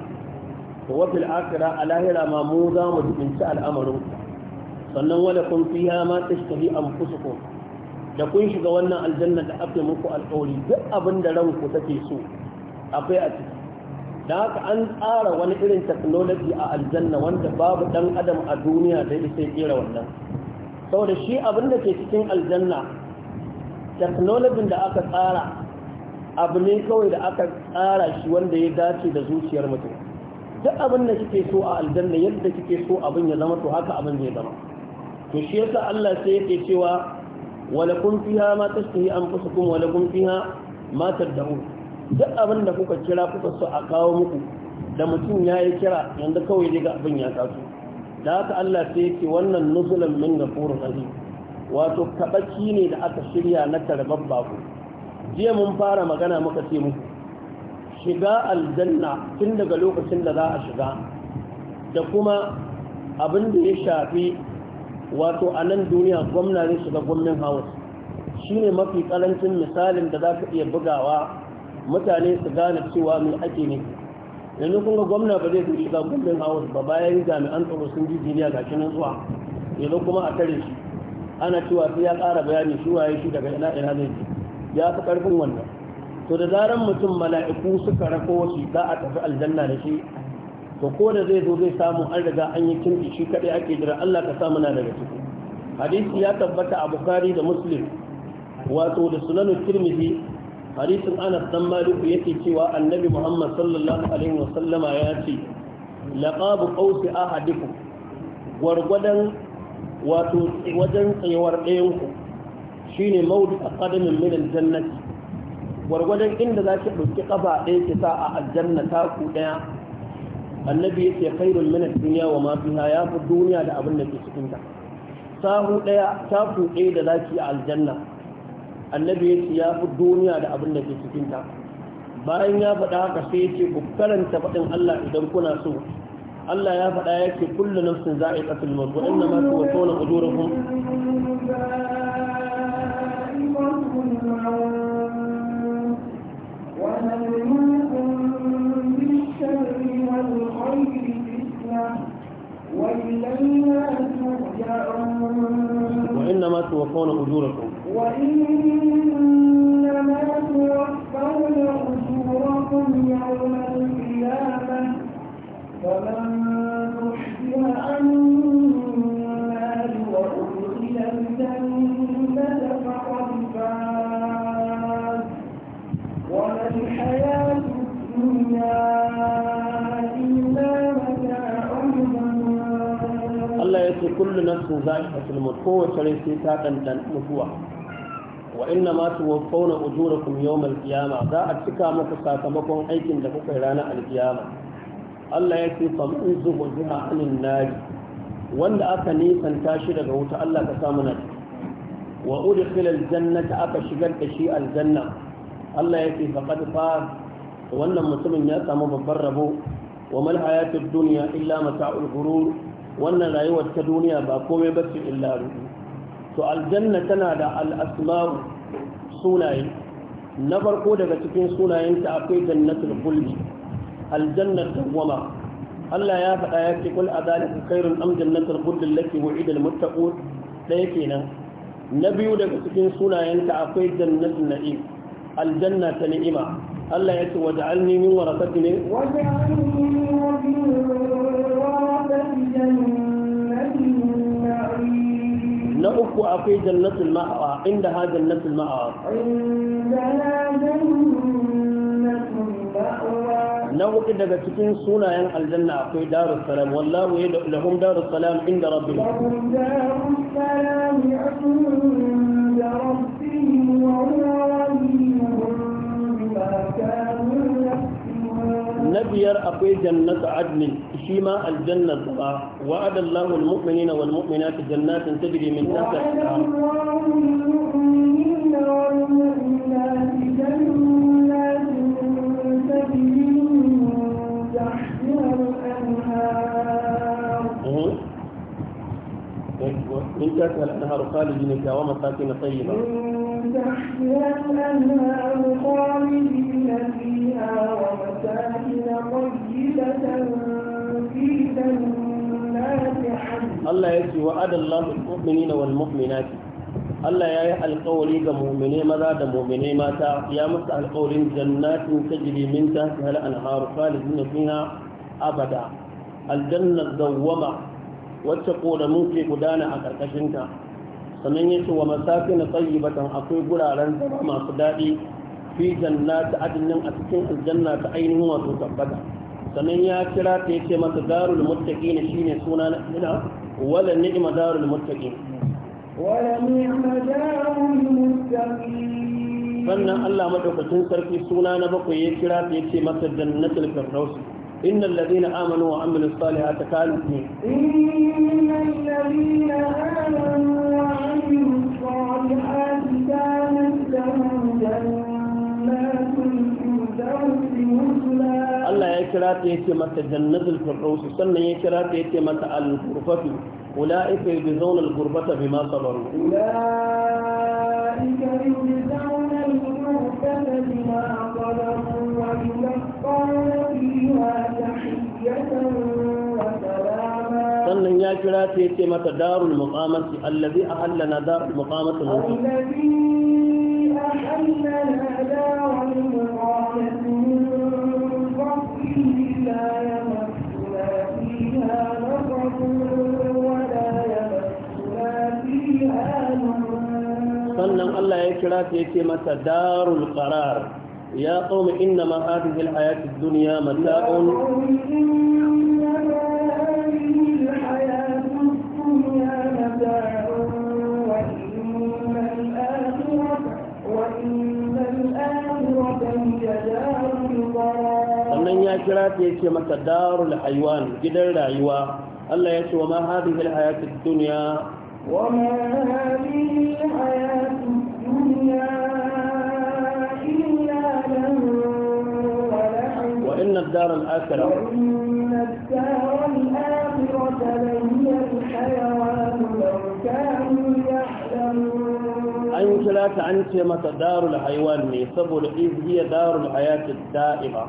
to wa fil a lahira ma mu za mu jibinci al'amarin sannan wala kun fi fiha ma tashtahi anfusukum da kun shiga wannan aljanna da aka muku alƙawari duk abin da ranku take so akwai a ciki da haka an tsara wani irin technology a aljanna wanda babu dan adam a duniya da ya sai kera wannan saboda shi abin da ke cikin aljanna teknologin da aka tsara abu ne kawai da aka tsara shi wanda ya dace da zuciyar mutum duk abin da kike so a aljanna yadda kike so abin ya zama to haka abin zai zama to shi yasa Allah sai yake cewa walakum fiha ma tashtahi anfusukum walakum fiha ma tad'un duk abin da kuka kira kuka so a kawo muku da mutum ya yi kira yanda kawai daga abin ya taso da haka Allah sai yake wannan nuzulan min ghafurur rahim wato kaɓaki ne da aka shirya na karɓar babu jiya mun fara magana muka ce muku shiga aljanna tun daga lokacin da za a shiga da kuma abin da ya shafi wato a nan duniya gwamna zai shiga gwamnan house shi ne mafi karancin misalin da za ka iya bugawa mutane su gane cewa mai ake ne yanzu kuma gwamna ba zai shiga gwamnan house ba bayan jami'an tsaro sun ji jiniya ga shi nan zuwa yanzu kuma a tare shi ana cewa sai ya ƙara bayani shi waye shi daga ina ina zai ya fi ƙarfin wannan to da zaran mutum mala'iku suka rako shi za a tafi aljanna da shi to ko da zai zo zai samu an riga an yi kinki shi kaɗai ake jira Allah ka sa muna daga ciki hadisi ya tabbata a bukari da muslim wato da sunan tirmidhi hadisin anas dan maliku yake cewa annabi muhammad sallallahu alaihi wasallama ya ce laqabu qawsi ahadikum gwargwadon wato wajen tsayawar ɗayan ku shine maudu a ƙadamin milin jannati gwargwadon inda za ki ɗauki ƙafa ɗaya ki sa a aljanna ta ku ɗaya annabi ya ce khairun min duniya wa ma fiha ya fi duniya da abin da ke cikin ta sahu ɗaya ta ku ɗaya da za ki a aljanna annabi ya ce ya fi duniya da abin da ke cikin ta bayan ya faɗa haka sai ya ce ku karanta faɗin Allah idan kuna so Allah ya faɗa yake kullu nafsin za'iqatul maut wa innama tuwaffawna ujurakum وإنما توفون أجوركم وإنما توفون أجوركم يوم القيامة كل نفس ذائقة الموت هو فليسي تاتن تن مفوا وإنما توفون أجوركم يوم القيامة ذا أتكامك ساتمكم أيكم لكم فيرانا القيامة Allah ya ce famin zuwa zuwa anin nari wanda aka nisanta shi daga wuta Allah ka samu na wa udkhila ta aka shigar da shi aljanna Allah ya ce faqad fa wannan mutumin ya samu babbar rabo wa mal hayatud dunya illa mata'ul ghurur wannan rayuwar ta duniya ba komai ba illa ruɗu to aljanna tana da al-asma'u sunaye na farko daga cikin sunayenta akwai jannatul khuldi الجنة الأولى الله يا فتاك كل أذالك خير أم جنة الغد التي وعد المتقون لكن نبي لك سكين سنة ينتع في جنة النعيم الجنة النعيمة الله يسوى وجعلني من ورثتنا نقف في جنة المأوى عندها جنة المأوى عندها جنة المأوى na hudu daga cikin sunayen aljanna akwai darus salam wallahu ya lahum darus salam inda rabbi lahum darus salam inda rabbihim wa na biyar akwai jannatu adnin shi ma aljanna ba wa'ada Allahu al-mu'minina wal mu'minati jannatin tajri min tahtiha al-anhar من كاتنا الأنهار خالدين فيها ومساكن طيبة من تحتها الأنهار خالدين فيها ومساكن طيبة في جنات الله يجزي وعد الله المؤمنين والمؤمنات الله يا القول إذا مؤمنين ماذا دا مؤمنين ما تا يا مسا القول جنات تجري من تحتها الأنهار خالدين فيها أبدا الجنة الدوامة wacce ƙoramu ke gudana a ƙarƙashinta sannan ya ce wa masafi na tsayibatan akwai guraren zama masu daɗi fi janna ta adinin a cikin aljanna ta ainihin wato tabbata sannan ya kira ta ya ce masa darul muttaqi ne shine suna na ina wala ni'ma darul muttaqi wala ni'ma darul muttaqi sannan Allah madaukakin sarki suna na bakwai ya kira ta ya ce masa jannatul firdaus إن الذين آمنوا وعملوا الصالحات كانوا إن الذين آمنوا وعملوا الصالحات كانت لهم جنات الفردوس نزلا الله يكرات يتمة جنة الفردوس سنة يكرات يتمة الغرفة أولئك يجزون الغربة بما صبروا أولئك يجزون الغربة بما صبروا سنن يا جرا تيتي دار المقامة الذي أهلنا دار المقامة الذي أهلنا دار المقامة من فضله لا يمسنا فيها نفع ولا يمسنا فيها نفع سنن الله يا جرا تيتي دار القرار يا قوم إنما هذه الحياة الدنيا متاع sannan ya kira ta yake mata darul haiwan gidan rayuwa Allah ya ce wa ma hadhihi alhayatu ad-dunya wa ma hadhihi alhayatu ad-dunya وإن الدار الآخرة وإن الدار الآخرة لهي الحيوان لو كانوا يعلمون أن ثلاثة عن سيمة دار الحيوان مي سبو لإذ هي دار الحياة الدائمة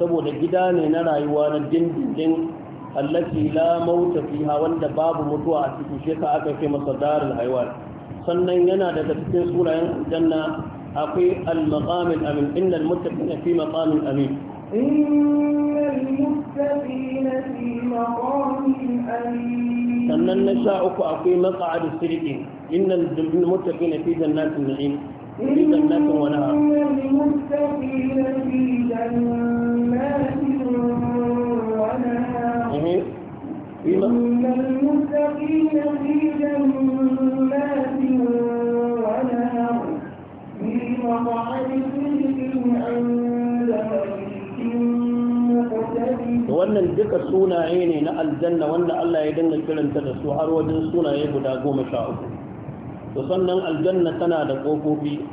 سبو لجداني نرى يوان الدين دين التي لا موت فيها وند باب متوى في شيخ أكا في مصدار الحيوان sannan yana daga cikin sunayen aljanna akwai al-maqamil amin innal muttaqina fi maqamin amin إن المتقين في مقام أليم سنن نشاءك أقوي مقعد السرقين إن المتقين في جنات النعيم في جنات ونهر إيه؟ إن المتقين في جنات ونهار. إن المتقين في جنات ونهار. في مقعد سرق عند wannan duka sunaye ne na aljanna wanda Allah ya dinga kiranta da su har wajen sunaye guda goma sha uku to sannan aljanna tana da ƙofofi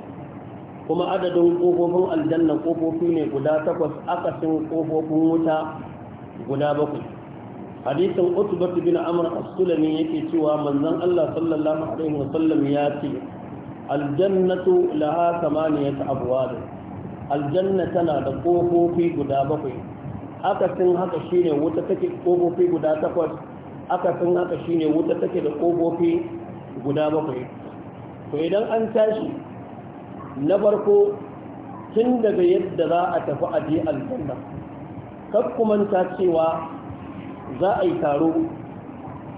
kuma adadin ƙofofin aljanna ƙofofi ne guda takwas akasin ƙofofin wuta guda bakwai hadisin utbat bin amr as-sulami yake cewa manzon Allah sallallahu alaihi wasallam ya ce aljannatu laha thamaniyat abwaab aljanna tana da ƙofofi guda bakwai akasin haka shine wuta take ƙofofi guda takwas akasin haka shine wuta take da ƙofofi guda bakwai to idan an tashi na farko tun daga yadda za a tafi a je aljanna kakkumanta cewa za a yi taro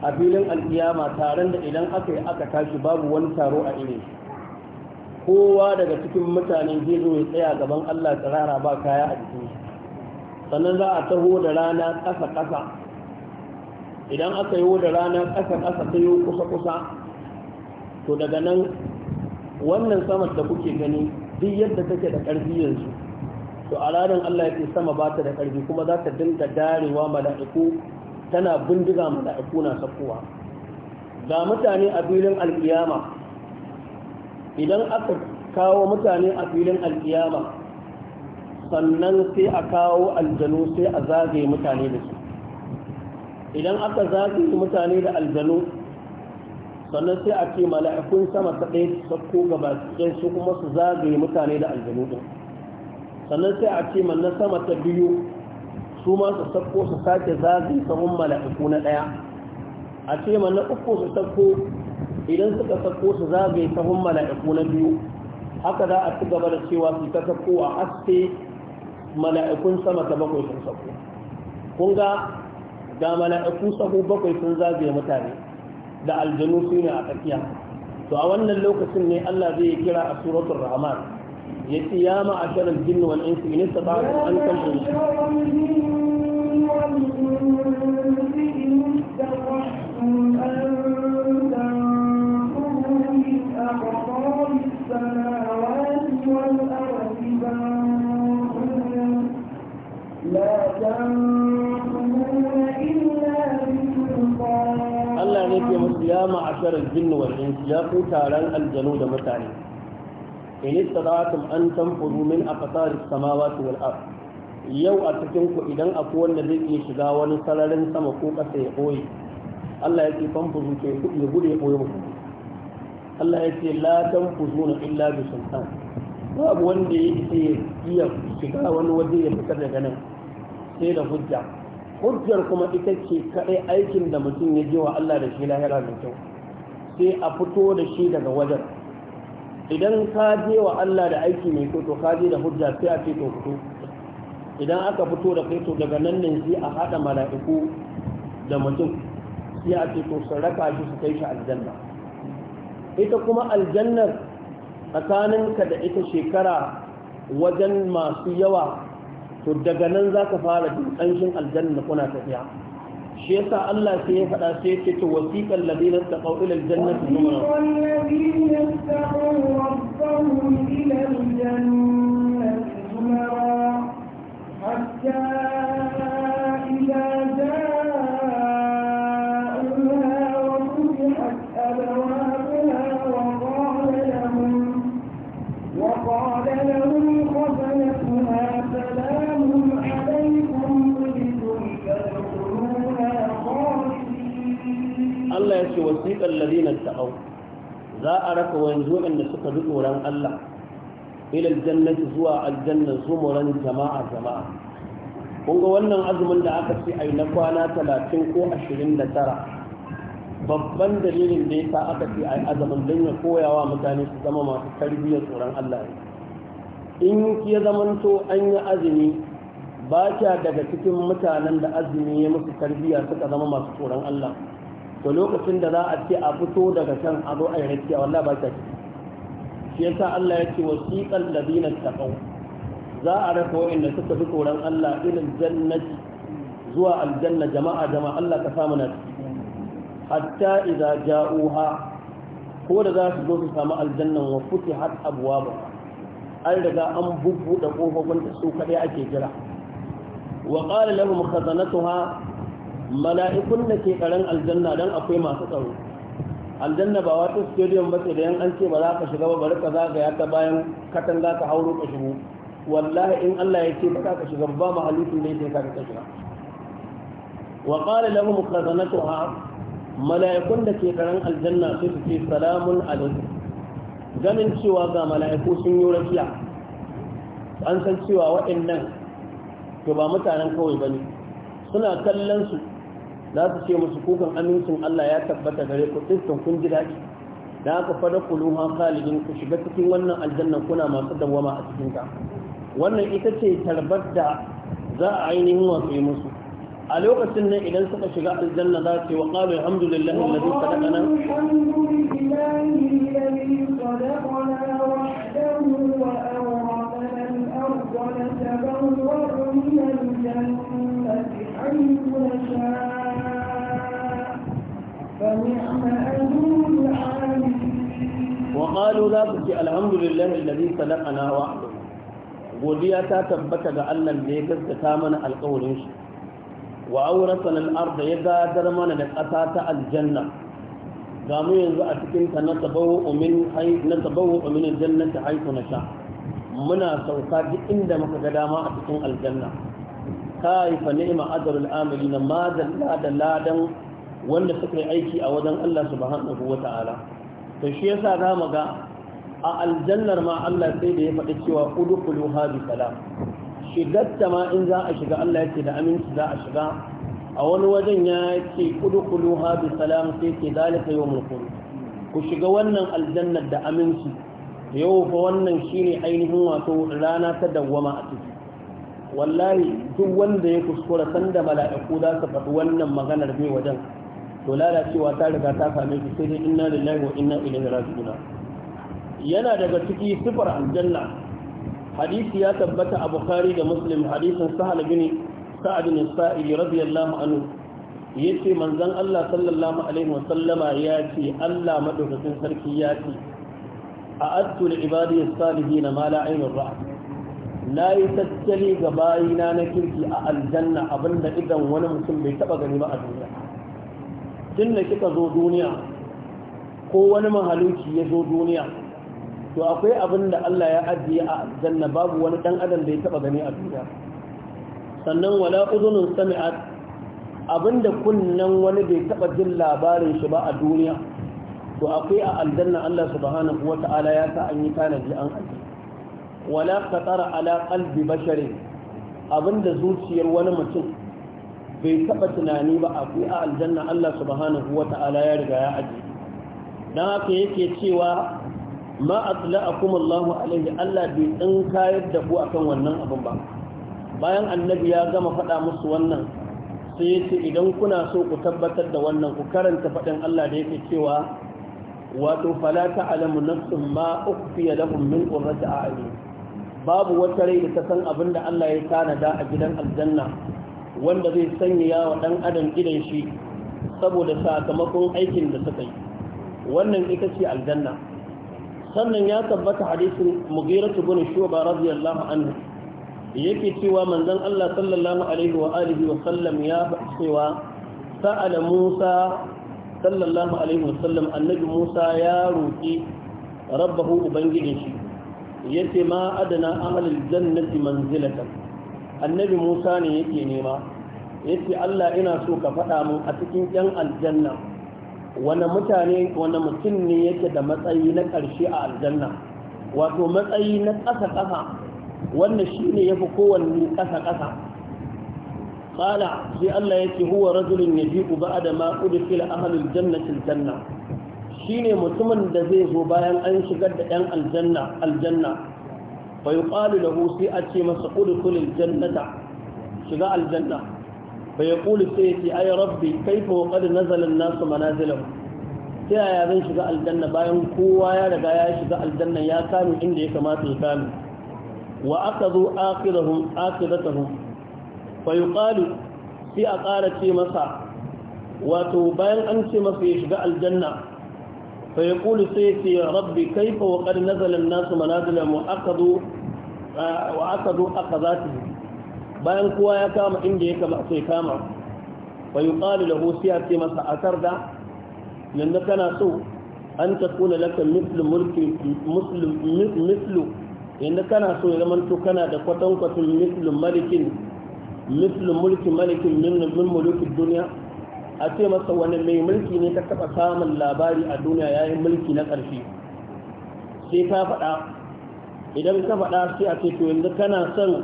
a filin al'iyama taron da idan aka yi aka tashi babu wani taro a irin kowa daga cikin mutane zai zo ya tsaya gaban Allah tsirara ba kaya a jikin shi sannan za a taho da rana ƙasa ƙasa idan aka yi da rana ƙasa ƙasa ta yi kusa kusa to daga nan wannan samar da kuke gani duk yadda take da ƙarfi yanzu to a ranar Allah ya ce sama ba ta da ƙarfi kuma za ta dinga darewa mala'iku tana bindiga mala'iku na sakowa ga mutane a filin alƙiyama idan aka kawo mutane a filin alkiyama sannan sai a kawo aljanu sai a zagaye mutane da su idan aka zagaye mutane da aljanu sannan sai a ce mala'ikun sama ta ɗaya su sakko gaba su kuma su zagaye mutane da aljanu ɗin sannan sai a ce na sama ta biyu su ma su sakko su sake zagaye sahun mala'iku na ɗaya a ce na uku su sakko idan suka sako su zagaye sahun mala'iku na biyu haka za a ci gaba da cewa su ta sako a haske mala'ikun sama ta bakwai sun sako kun ga da mala'iku sako bakwai sun zagaye mutane da aljanu su ne a tafiya to a wannan lokacin ne Allah zai kira a suratul rahman yace ya ma'ashar al-jinni wal insi in istata'tum an tanfudu Allah ne ke musu ya ma'asharar jinni wal insi ya ku taron aljanu da mutane in istadatum an tanfudu min aqtar as-samawati wal ard yau a cikin ku idan akwai wanda zai iya shiga wani sararin sama ko kasa ya boye Allah ya ce fanfuzu ke ya gudu ya boye muku Allah ya ce la tanfuzuna illa bi sultan babu wanda ya iya shiga wani waje ya fitar daga nan sai da hujja hujjar kuma ita ce kaɗai aikin da mutum ya je wa Allah da shi lahira mai kyau sai a fito da shi daga wajen idan ka je wa Allah da aiki mai kyau to ka je da hujja sai a ce to fito idan aka fito da kai to daga nan ne sai a haɗa mala'iku da mutum sai a ce to su raka shi su kai shi aljanna ita kuma aljannar tsakaninka da ita shekara wajen masu yawa to daga nan za ka fara bin ƙanshin aljanna kuna tafiya shi yasa Allah sai ya faɗa sai ce to wasiqal ladina taqaw ila aljannati zumara walladina taqaw rabbahum ila aljannati zumara hatta za a raka wanzu waɗanda suka bi tsoron Allah ilal jannati zuwa aljanna zumuran jama'a jama'a kun ga wannan azumin da aka ce ai na kwana 30 ko 29 babban dalilin da yasa aka ce ai azumin dan ya koyawa mutane su zama masu tarbiyyar tsoron Allah in ya zamanto an yi azumi ba daga cikin mutanen da azumi ya musu tarbiyya suka zama masu tsoron Allah to lokacin da za a ce a fito daga can a zo a yi rakiya wallahi ba ta shi yasa Allah ya ce da wasiqal ta taqaw za a raka wa'anda suka fi tsoron Allah irin jannati zuwa aljanna jama'a jama'a Allah ka samu na hatta idza ja'uha ko da za su zo su samu aljannan wa futihat abwaba an riga an bubbuɗe kofofin da su kaɗai ake jira wa qala lahum khazanatuha mala'ikun da ke karen aljanna don akwai masu tsaro aljanna ba wata stadium ba ce da yan an ce ba za ka shiga ba bari ka ya ta bayan katanga ka hauro ka shigo wallahi in Allah ya ce ba ka shiga ba mahalikin da yake ka ka shiga wa qala lahum khazanatuha mala'ikun da ke karen aljanna sai su ce salamun alaikum ganin cewa ga mala'iku sun yi rafiya an san cewa waɗannan to ba mutanen kawai bane suna kallon su za su ce musu kukan amincin Allah ya tabbata gare ku tsistan kun ji daɗi da aka fada kuluha kalidin ku shiga cikin wannan aljannan kuna masu dawama a cikin ta wannan ita ce tarbar da za a ainihin wasu yi musu a lokacin nan idan suka shiga aljanna za su yi wa qalu alhamdulillahi alladhi sadaqana ونتبوأ من وقالوا لا بك الحمد لله الذي خلقنا وحده godiya ta tabbata ga Allah da ya gaskata mana alƙawarin shi wa auratana al-ard ya gadar mana da ƙasa ta aljanna ga mu yanzu a cikin ta na tabawu min hay na tabawu min aljannati haythu nasha muna sauka duk inda muka ga dama a cikin aljanna kai fa ni'ma ajrul amilin ma da ladan wanda suka yi aiki a wajen Allah subhanahu Ta'ala. to shi yasa zamu ga a aljannar ma Allah sai da ya faɗi cewa udkhulu hadhi salam shigatta ma in za a shiga Allah yake da aminci za a shiga a wani wajen ya ce udkhulu hadhi salam sai ke zalika yawmul khulud ku shiga wannan aljannar da aminci yau fa wannan shine ainihin wato rana ta dawwama a ciki wallahi duk wanda ya kuskura sanda mala'iku za su faɗi wannan maganar bai wajen to lalacewa ta riga ta same shi sai dai inna lillahi wa inna ilaihi raji'un yana daga ciki sifar aljanna hadisi ya tabbata a bukhari da muslim hadisin sahal bin sa'ad bin sa'id radiyallahu anhu yace manzon Allah sallallahu alaihi wa sallama ya ce Allah madaukakin sarki ya ce a'adtu li ibadi as-salihin ma la aynur ra'a na yi tattali ga na kirki a aljanna abinda idan wani mutum bai taba gani ba a duniya tun da kika zo duniya ko wani mahaluki ya zo duniya to akwai abin da Allah ya ajiye a aljanna babu wani dan adam da ya taba gani a duniya sannan wala uzunun sami'at abinda kunnan wani bai taba jin labarin shi ba a duniya to akwai a aljanna Allah subhanahu wata'ala ya sa an yi tanaji an aje wala qatara ala qalbi bashari abinda zuciyar wani mutum bai taɓa tunani ba akwai a aljanna Allah subhanahu wa ta'ala ya riga ya aji don haka yake cewa ma atla'akum Allahu Alayhi, Allah bai tsin kayar da ku akan wannan abin ba bayan annabi ya gama faɗa musu wannan sai yace idan kuna so ku tabbatar da wannan ku karanta faɗin Allah da yake cewa wato fala ta'lamu nafsun ma ukhfiya lahum min qurrati a'yun babu wata rai da ta san abin da Allah ya tanada a gidan aljanna wanda zai sanya wa ɗan adam gidan shi saboda sakamakon aikin da suka yi wannan ita ce aljanna sannan ya tabbata hadisin mugiratu bin shuba radiyallahu anhu yake cewa manzon Allah sallallahu alaihi wa alihi wa sallam ya faɗi cewa sa'ala Musa sallallahu alaihi wa sallam annabi Musa ya roki rabbahu ubangijin shi yace ma adana ahlul jannati manzilatan annabi musa ne yake nema yace allah ina so ka faɗa mun a cikin yan aljanna wani mutane wani mutum ne yake da matsayi na ƙarshe a aljanna wato matsayi na ƙasa-ƙasa wannan shi ne ya fi kowanne ƙasa-ƙasa ƙala sai allah ya ce huwa rajulun ya ji uba da ma'udu fil ahalul jannatin janna shi ne mutumin da zai zo bayan an shigar da 'yan aljanna aljanna fa yuqalu lahu sai a ce masa udkhulil jannata shiga aljanna fa yaqulu sai yace ay rabbi kaifa wa qad nazala an-nasu manazilahum sai zan shiga aljanna bayan kowa ya riga ya shiga aljanna ya kame inda ya kamata ya kame wa aqadu akhirahum aqidatahum fa yuqalu sai a ƙara ce masa wato bayan an ce masa ya shiga aljanna fa yaqulu sai ربي rabbi kaifa wa الناس nazala an-nasu manazila wa bayan kowa ya kama inda ya kama sai kama fa yuqalu lahu siya ce masa akarda yanda kana so an takuna laka mislu mulki muslim mislu yanda kana so ya zama to kana da kwatankwacin mislu malikin mulki malikin min mulkin duniya a ce masa wani mai mulki ne ta taɓa samun labari a duniya yayin mulki na ƙarshe sai ka faɗa idan ka faɗa sai a ce to yanzu kana son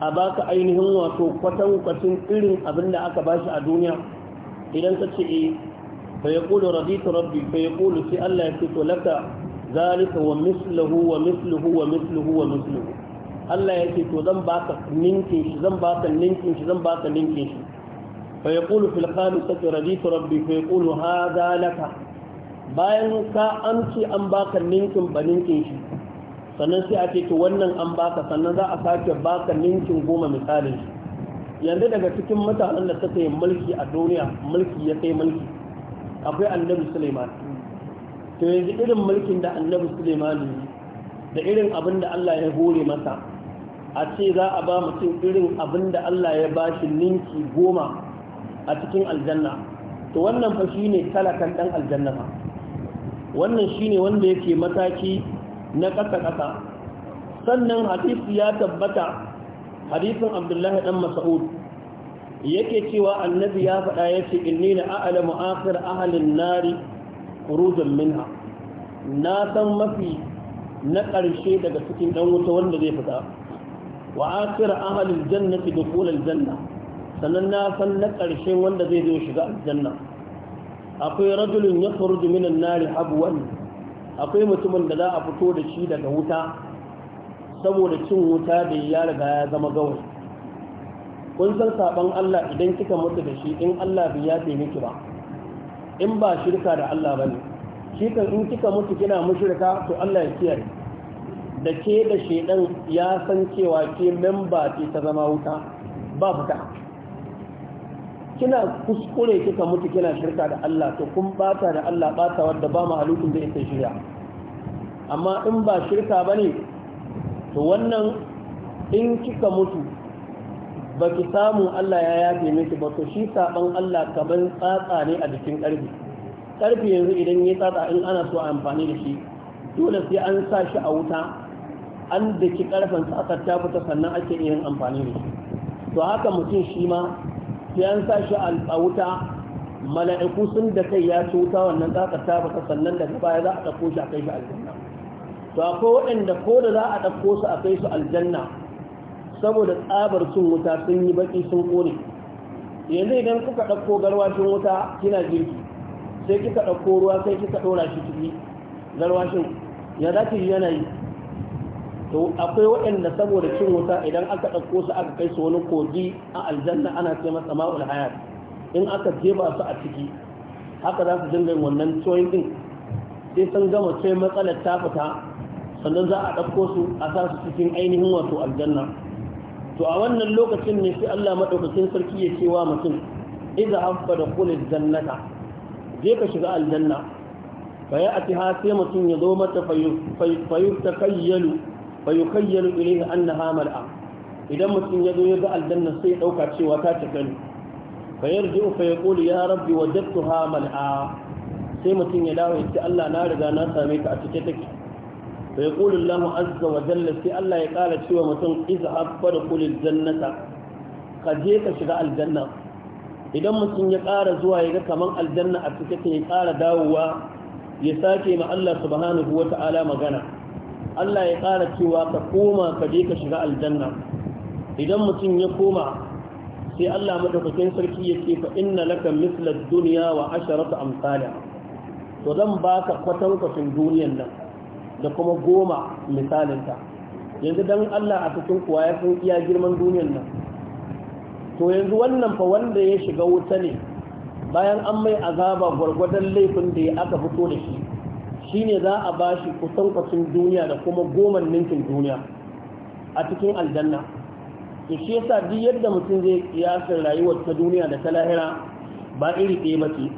a baka ainihin wato kwatankwacin irin abin da aka bashi a duniya idan ka ce eh fa yaqulu raditu rabbi bai yaqulu sai Allah ya ce to laka zalika wa misluhu wa misluhu wa misluhu wa misluhu Allah ya ce to zan baka ninkin shi zan baka ninkin shi zan baka ninkin shi فيقول في الخامسة رديت ربي فيقول هذا لك bayan ka amci an baka ninkin ba ninkin shi sannan sai a ce to wannan an baka sannan za a sake baka ninkin goma misalin shi yanzu daga cikin mutanen da suka yi mulki a duniya mulki ya kai mulki akwai annabi suleiman to yanzu irin mulkin da annabi suleiman da irin abin da allah ya hore masa a ce za a ba mutum irin abin da Allah ya ba shi ninki goma a cikin aljanna to wannan fa shine talakan dan aljanna fa wannan shine wanda yake mataki na kasa-kasa sannan hadisi ya tabbata hadisin abdullahi dan mas'ud yake cewa annabi ya faɗa yace inni la a'lamu akhir ahlin nari khurujan minha na san mafi na ƙarshe daga cikin ɗan wuta wanda zai fita wa akira ahalin jannati da kulal janna sannan na san na ƙarshen wanda zai zo shiga aljanna akwai rajulun ya faru minan nari wani. akwai mutumin da za a fito da shi daga wuta saboda cin wuta da ya riga ya zama gawar kun san saban Allah idan kika mutu da shi in Allah bai ya miki ba in ba shirka da Allah ba ne, shi kan in kika mutu kina mushirka to Allah ya kiyar da ke da shaidan ya san cewa ke memba ce ta zama wuta ba fita kina kuskure kika mutu kina shirka da Allah to kun bata da Allah bata wanda ba mahalukin da yake shirya amma in ba shirka bane to wannan in kika mutu baki samu Allah ya yafe miki ba to shi saban Allah kaman tsatsa ne a jikin karfi karfi yanzu idan ya tsatsa in ana so a amfani da shi dole sai an sa shi a wuta an daki karfin sa ta fita sannan ake yin amfani da shi to haka mutum shi ma sai an sa shi a wuta mala'iku sun da kai ya ci wuta wannan tsakar baka sannan daga baya za a ɗauko shi a kai shi aljanna to akwai waɗanda ko da za a ɗauko su a kai su aljanna saboda tsabar sun wuta sun yi baki sun ƙone yanzu idan kuka ɗauko garwashin wuta kina jirgi. sai kika ɗauko ruwa sai kika ɗora shi ciki garwashin ya za ki to akwai waɗanda saboda cin wuta idan aka ɗauko su aka kai su wani kogi a aljanna ana ce masa ma'ul hayat in aka jeba su a ciki haka za su dinga wannan coyin din sai sun gama sai matsalar ta fita sannan za a ɗauko su a sa su cikin ainihin wato aljanna to a wannan lokacin ne sai Allah madaukakin sarki ya ce wa mutum idza habba da kulil jannata je ka shiga aljanna fa ya'ti ha sai mutum ya zo mata fayu fayu takayyalu fa yukhayyalu ilayhi annaha mal'a idan mutum ya zo ya ga aljanna sai ya dauka cewa ta tafi. ne fa yarji'u fa yaqulu ya rabbi wa wajadtuha mal'a sai mutum ya dawo ya ce Allah na riga na same ka a cike take fa yaqulu Allahu azza wa jalla sai Allah ya ƙara cewa mutum izhab fa dukhulil jannata ka je ka shiga aljanna idan mutum ya ƙara zuwa ya ga kaman aljanna a cike ta ya ƙara dawowa ya sake ma Allah subhanahu wa ta'ala magana Allah ya ƙara cewa ka koma ka je ka shiga aljanna idan mutum ya koma sai Allah madaukakin sarki ya ce fa inna laka misla dunya wa asharatu amsalha to zan baka kwatankwacin duniyan nan da kuma goma misalinta yanzu dan Allah a cikin kuwa ya san iya girman duniyan nan to yanzu wannan fa wanda ya shiga wuta ne bayan an mai azaba gwargwadon laifin da ya aka fito da shi ne za a ba shi kusan kwasin duniya da kuma goman ninkin duniya a cikin aljanna to shi yasa duk yadda mutum zai kiyasar rayuwar ta duniya da ta lahira ba iri ɗaya ba ce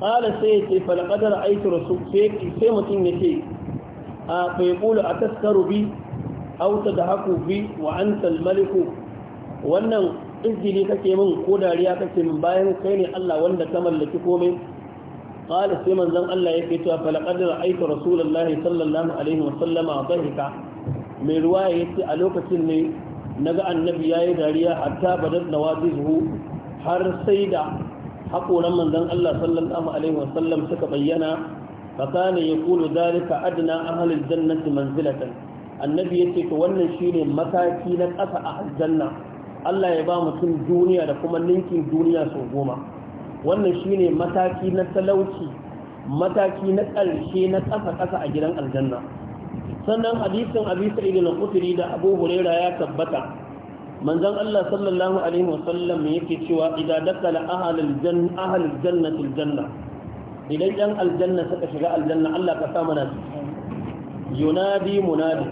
ƙala sai ya ce falƙadar aiki rasu sai mutum ya ce a faifulu a taskaru bi auta da haku bi wa an salmaliku wannan izini kake min ko dariya kake min bayan kai ne allah wanda ta mallaki komai qala sai manzon Allah yake cewa fa laqad ra'aytu rasulullahi sallallahu alaihi wa sallama dhahika mai ruwa yace a lokacin ne naga annabi yayi dariya a hatta badal nawazihu har sai da haƙoran manzon Allah sallallahu alaihi wa sallam suka bayyana fa kana yaqulu dhalika adna ahli aljannati manzilatan annabi yace to wannan shine mataki na ƙasa a aljanna Allah ya ba mutum duniya da kuma ninkin duniya sau goma wannan shine mataki na talauci mataki na ƙarshe na ƙasa-ƙasa a gidan aljanna sannan hadisin abi sa'id al-khudri da abu huraira ya tabbata manzon Allah sallallahu alaihi sallam yake cewa idan dakala ahlul janna ahlul jannati aljanna idan yan aljanna suka shiga aljanna Allah ka sa mana yunadi munadi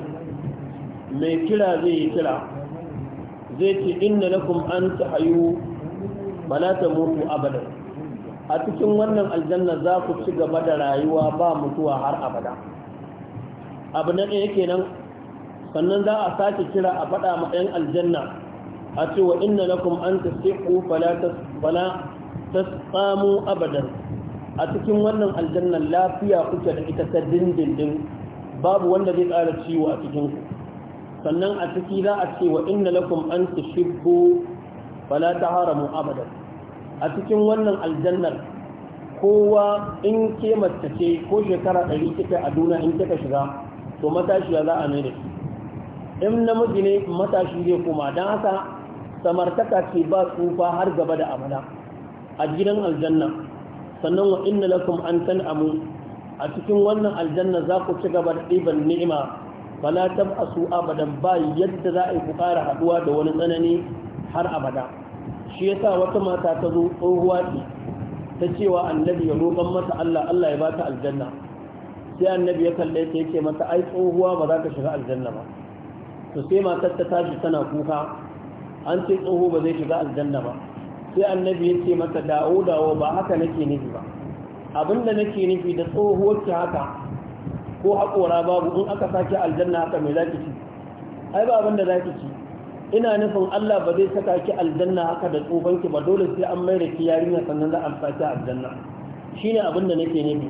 mai kira zai yi kira zai ce inna lakum an tahayu fala tamutu abadan a cikin wannan aljanna za ku ci gaba da rayuwa ba mutuwa har abada abu na ɗaya kenan sannan za a sake kira a faɗa ma ɗan aljanna a ce wa inna lakum an tasiqu fala fala tasqamu abadan a cikin wannan aljanna lafiya kuke da ita ta dindindin babu wanda zai ƙara ciwo a cikin ku sannan a ciki za a ce wa inna lakum an tashibbu fala taharamu abadan a cikin wannan aljannar kowa in ke ko shekara ɗari kika a duna in kika shiga to matashiya za a mai in namiji ne matashi zai kuma don haka samartaka ce ba tsufa har gaba da abada a gidan aljanna sannan wa inna lakum an amu a cikin wannan aljanna za ku ci gaba da ɗiban ni'ima fala tab'asu abadan ba yadda za a yi ku ƙara haɗuwa da wani tsanani har abada shi yasa wata mata ta zo tsohuwa ce ta cewa annabi ya roƙon mata Allah Allah ya bata aljanna sai annabi ya kalle ta ce mata ai tsohuwa ba za ka shiga aljanna ba to sai matar ta tashi tana kuka an ce tsoho ba zai shiga aljanna ba sai annabi ya ce mata dawo dawo ba haka nake nufi ba abinda nake nufi da tsohuwar ki haka ko haƙora babu in aka sake aljanna haka mai ki ci ai ba abinda zaki ci ina nufin Allah ba zai saka ki aljanna haka da tsofanki ba dole sai an mai da ki yarinya sannan za a saki aljanna shine abin da nake nufi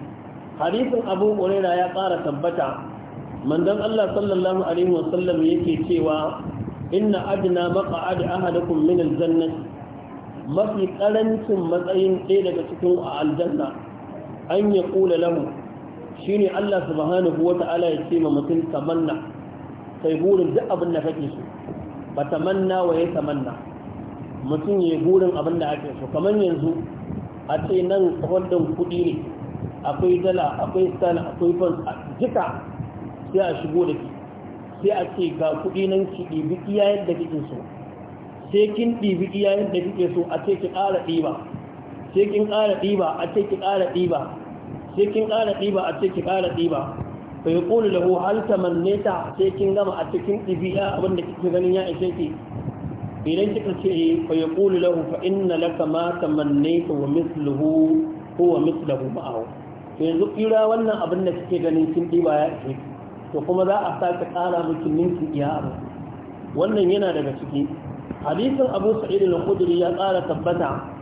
hadisin Abu Huraira ya ƙara tabbata manzon Allah sallallahu alaihi wasallam yake cewa inna adna maq'ad ahadakum min aljannah mafi karancin matsayin ɗaya daga cikin a aljanna an ya kula lahu shine Allah subhanahu wata'ala ya ce ma mutum tamanna kai burin duk abin da kake so ba manna wa ya tamanna mutum ya burin abin da ake so kamar yanzu a ce nan holdin kuɗi ne akwai dala akwai stan akwai a jika sai a shigo da ke sai a ce ga kuɗi nan ki ɗibi iya yadda kike so sai kin ɗibi iya yadda kike so a ce ki ƙara ɗiba sai kin ƙara ɗiba a ce ki ƙara ɗiba sai kin ƙara ɗiba a ce ki ƙara ɗiba fa yaqulu lahu hal tamannaita sai kin gama a cikin ɗabi'a abinda kike ganin ya ishe ki idan kika ce fa yaqulu lahu fa inna laka ma tamannaita wa mithluhu huwa mithluhu ma'ahu to yanzu kira wannan abinda kike ganin kin ɗiba ya ishe to kuma za a sake ƙara miki ninki iya abu wannan yana daga ciki hadisin abu sa'id al-khudri ya ƙara tabbata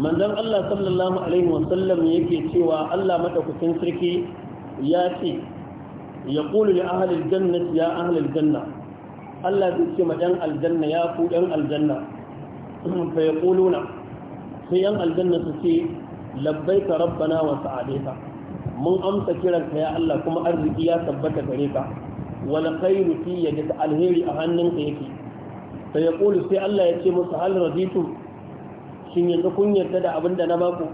manzon Allah sallallahu alaihi wasallam yake cewa Allah madaukakin sarki ya ce yaqulu li ahli aljannati ya ahli aljanna Allah zai ma ɗan aljanna ya ku ɗan aljanna fa yaquluna sai ɗan aljanna su ce labbaika rabbana wa sa'adaita mun amsa kiranka ya Allah kuma arziki ya tabbata gare ka wal khairu fi yadika alheri a hannunka yake fa yaqulu sai Allah ya ce musu hal raditum da abin da na baku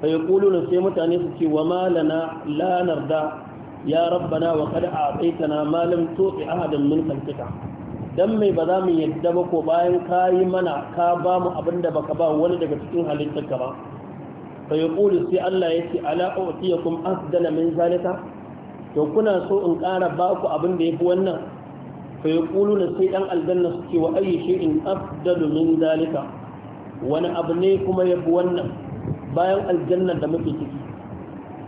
fa sai mutane su ce wa ma lana ya rabbana wa kada a ma lam tu'ti ahadan min khalqika dan mai ba za mu yadda ba ko bayan kayi mana ka ba mu abinda baka ba wani daga cikin halittarka ba yi yaqulu sai Allah yace ala u'tiyakum afdala min zalika to kuna so in ƙara ba ku abin da yafi wannan fa na sai dan aljanna suke wa in shay'in afdalu min zalika wani abu ne kuma yafi wannan bayan aljanna da muke ciki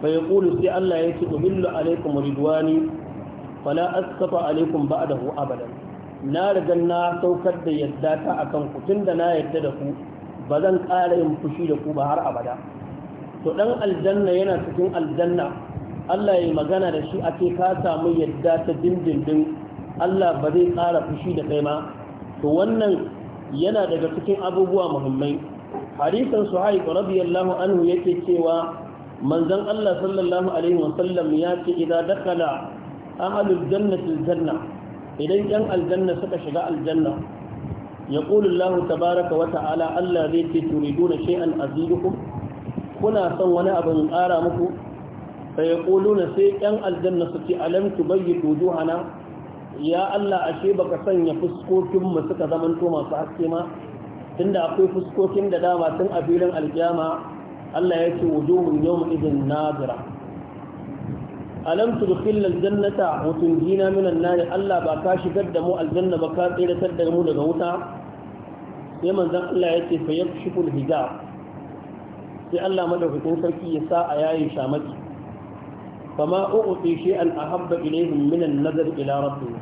fa yaqulu sai Allah ya ce ubillu alaikum ridwani fala askafa alaikum ba'dahu abadan na riga na saukar da yadda ta akan ku tunda na yadda da ku ba zan ƙara yin fushi da ku ba har abada to dan aljanna yana cikin aljanna Allah ya magana da shi a ce ka samu yadda ta dindindin Allah ba zai ƙara fushi da kai ma to wannan yana daga cikin abubuwa muhimmai hadisan suhaib radiyallahu anhu yake cewa manzon Allah sallallahu alaihi wasallam ya ce idza dakala ahlul jannati aljanna idan yan aljanna suka shiga aljanna yaqulu Allah tabaaraka wa ta'ala Allah zai ce turiduna shay'an azidukum kuna son wani in ƙara muku sai yaquluna sai yan aljanna su ce alam tubayyitu wujuhana ya Allah ashe baka sanya fuskokin mu suka zamanto masu haske ma tunda akwai fuskokin da dama tun a filin alkiyama Allah ya ce wujuhun yawm idin nazira alam tudkhil aljannata wa tunjina min an-nar Allah ba ka shigar da mu aljanna ba ka tsira da mu daga wuta sai manzon Allah ya ce fa yakshifu al-hijab sai Allah madaukakin sarki ya sa a yayin shamaki fama u'ti shay'an ahabba ilayhim min an-nazar ila rabbihim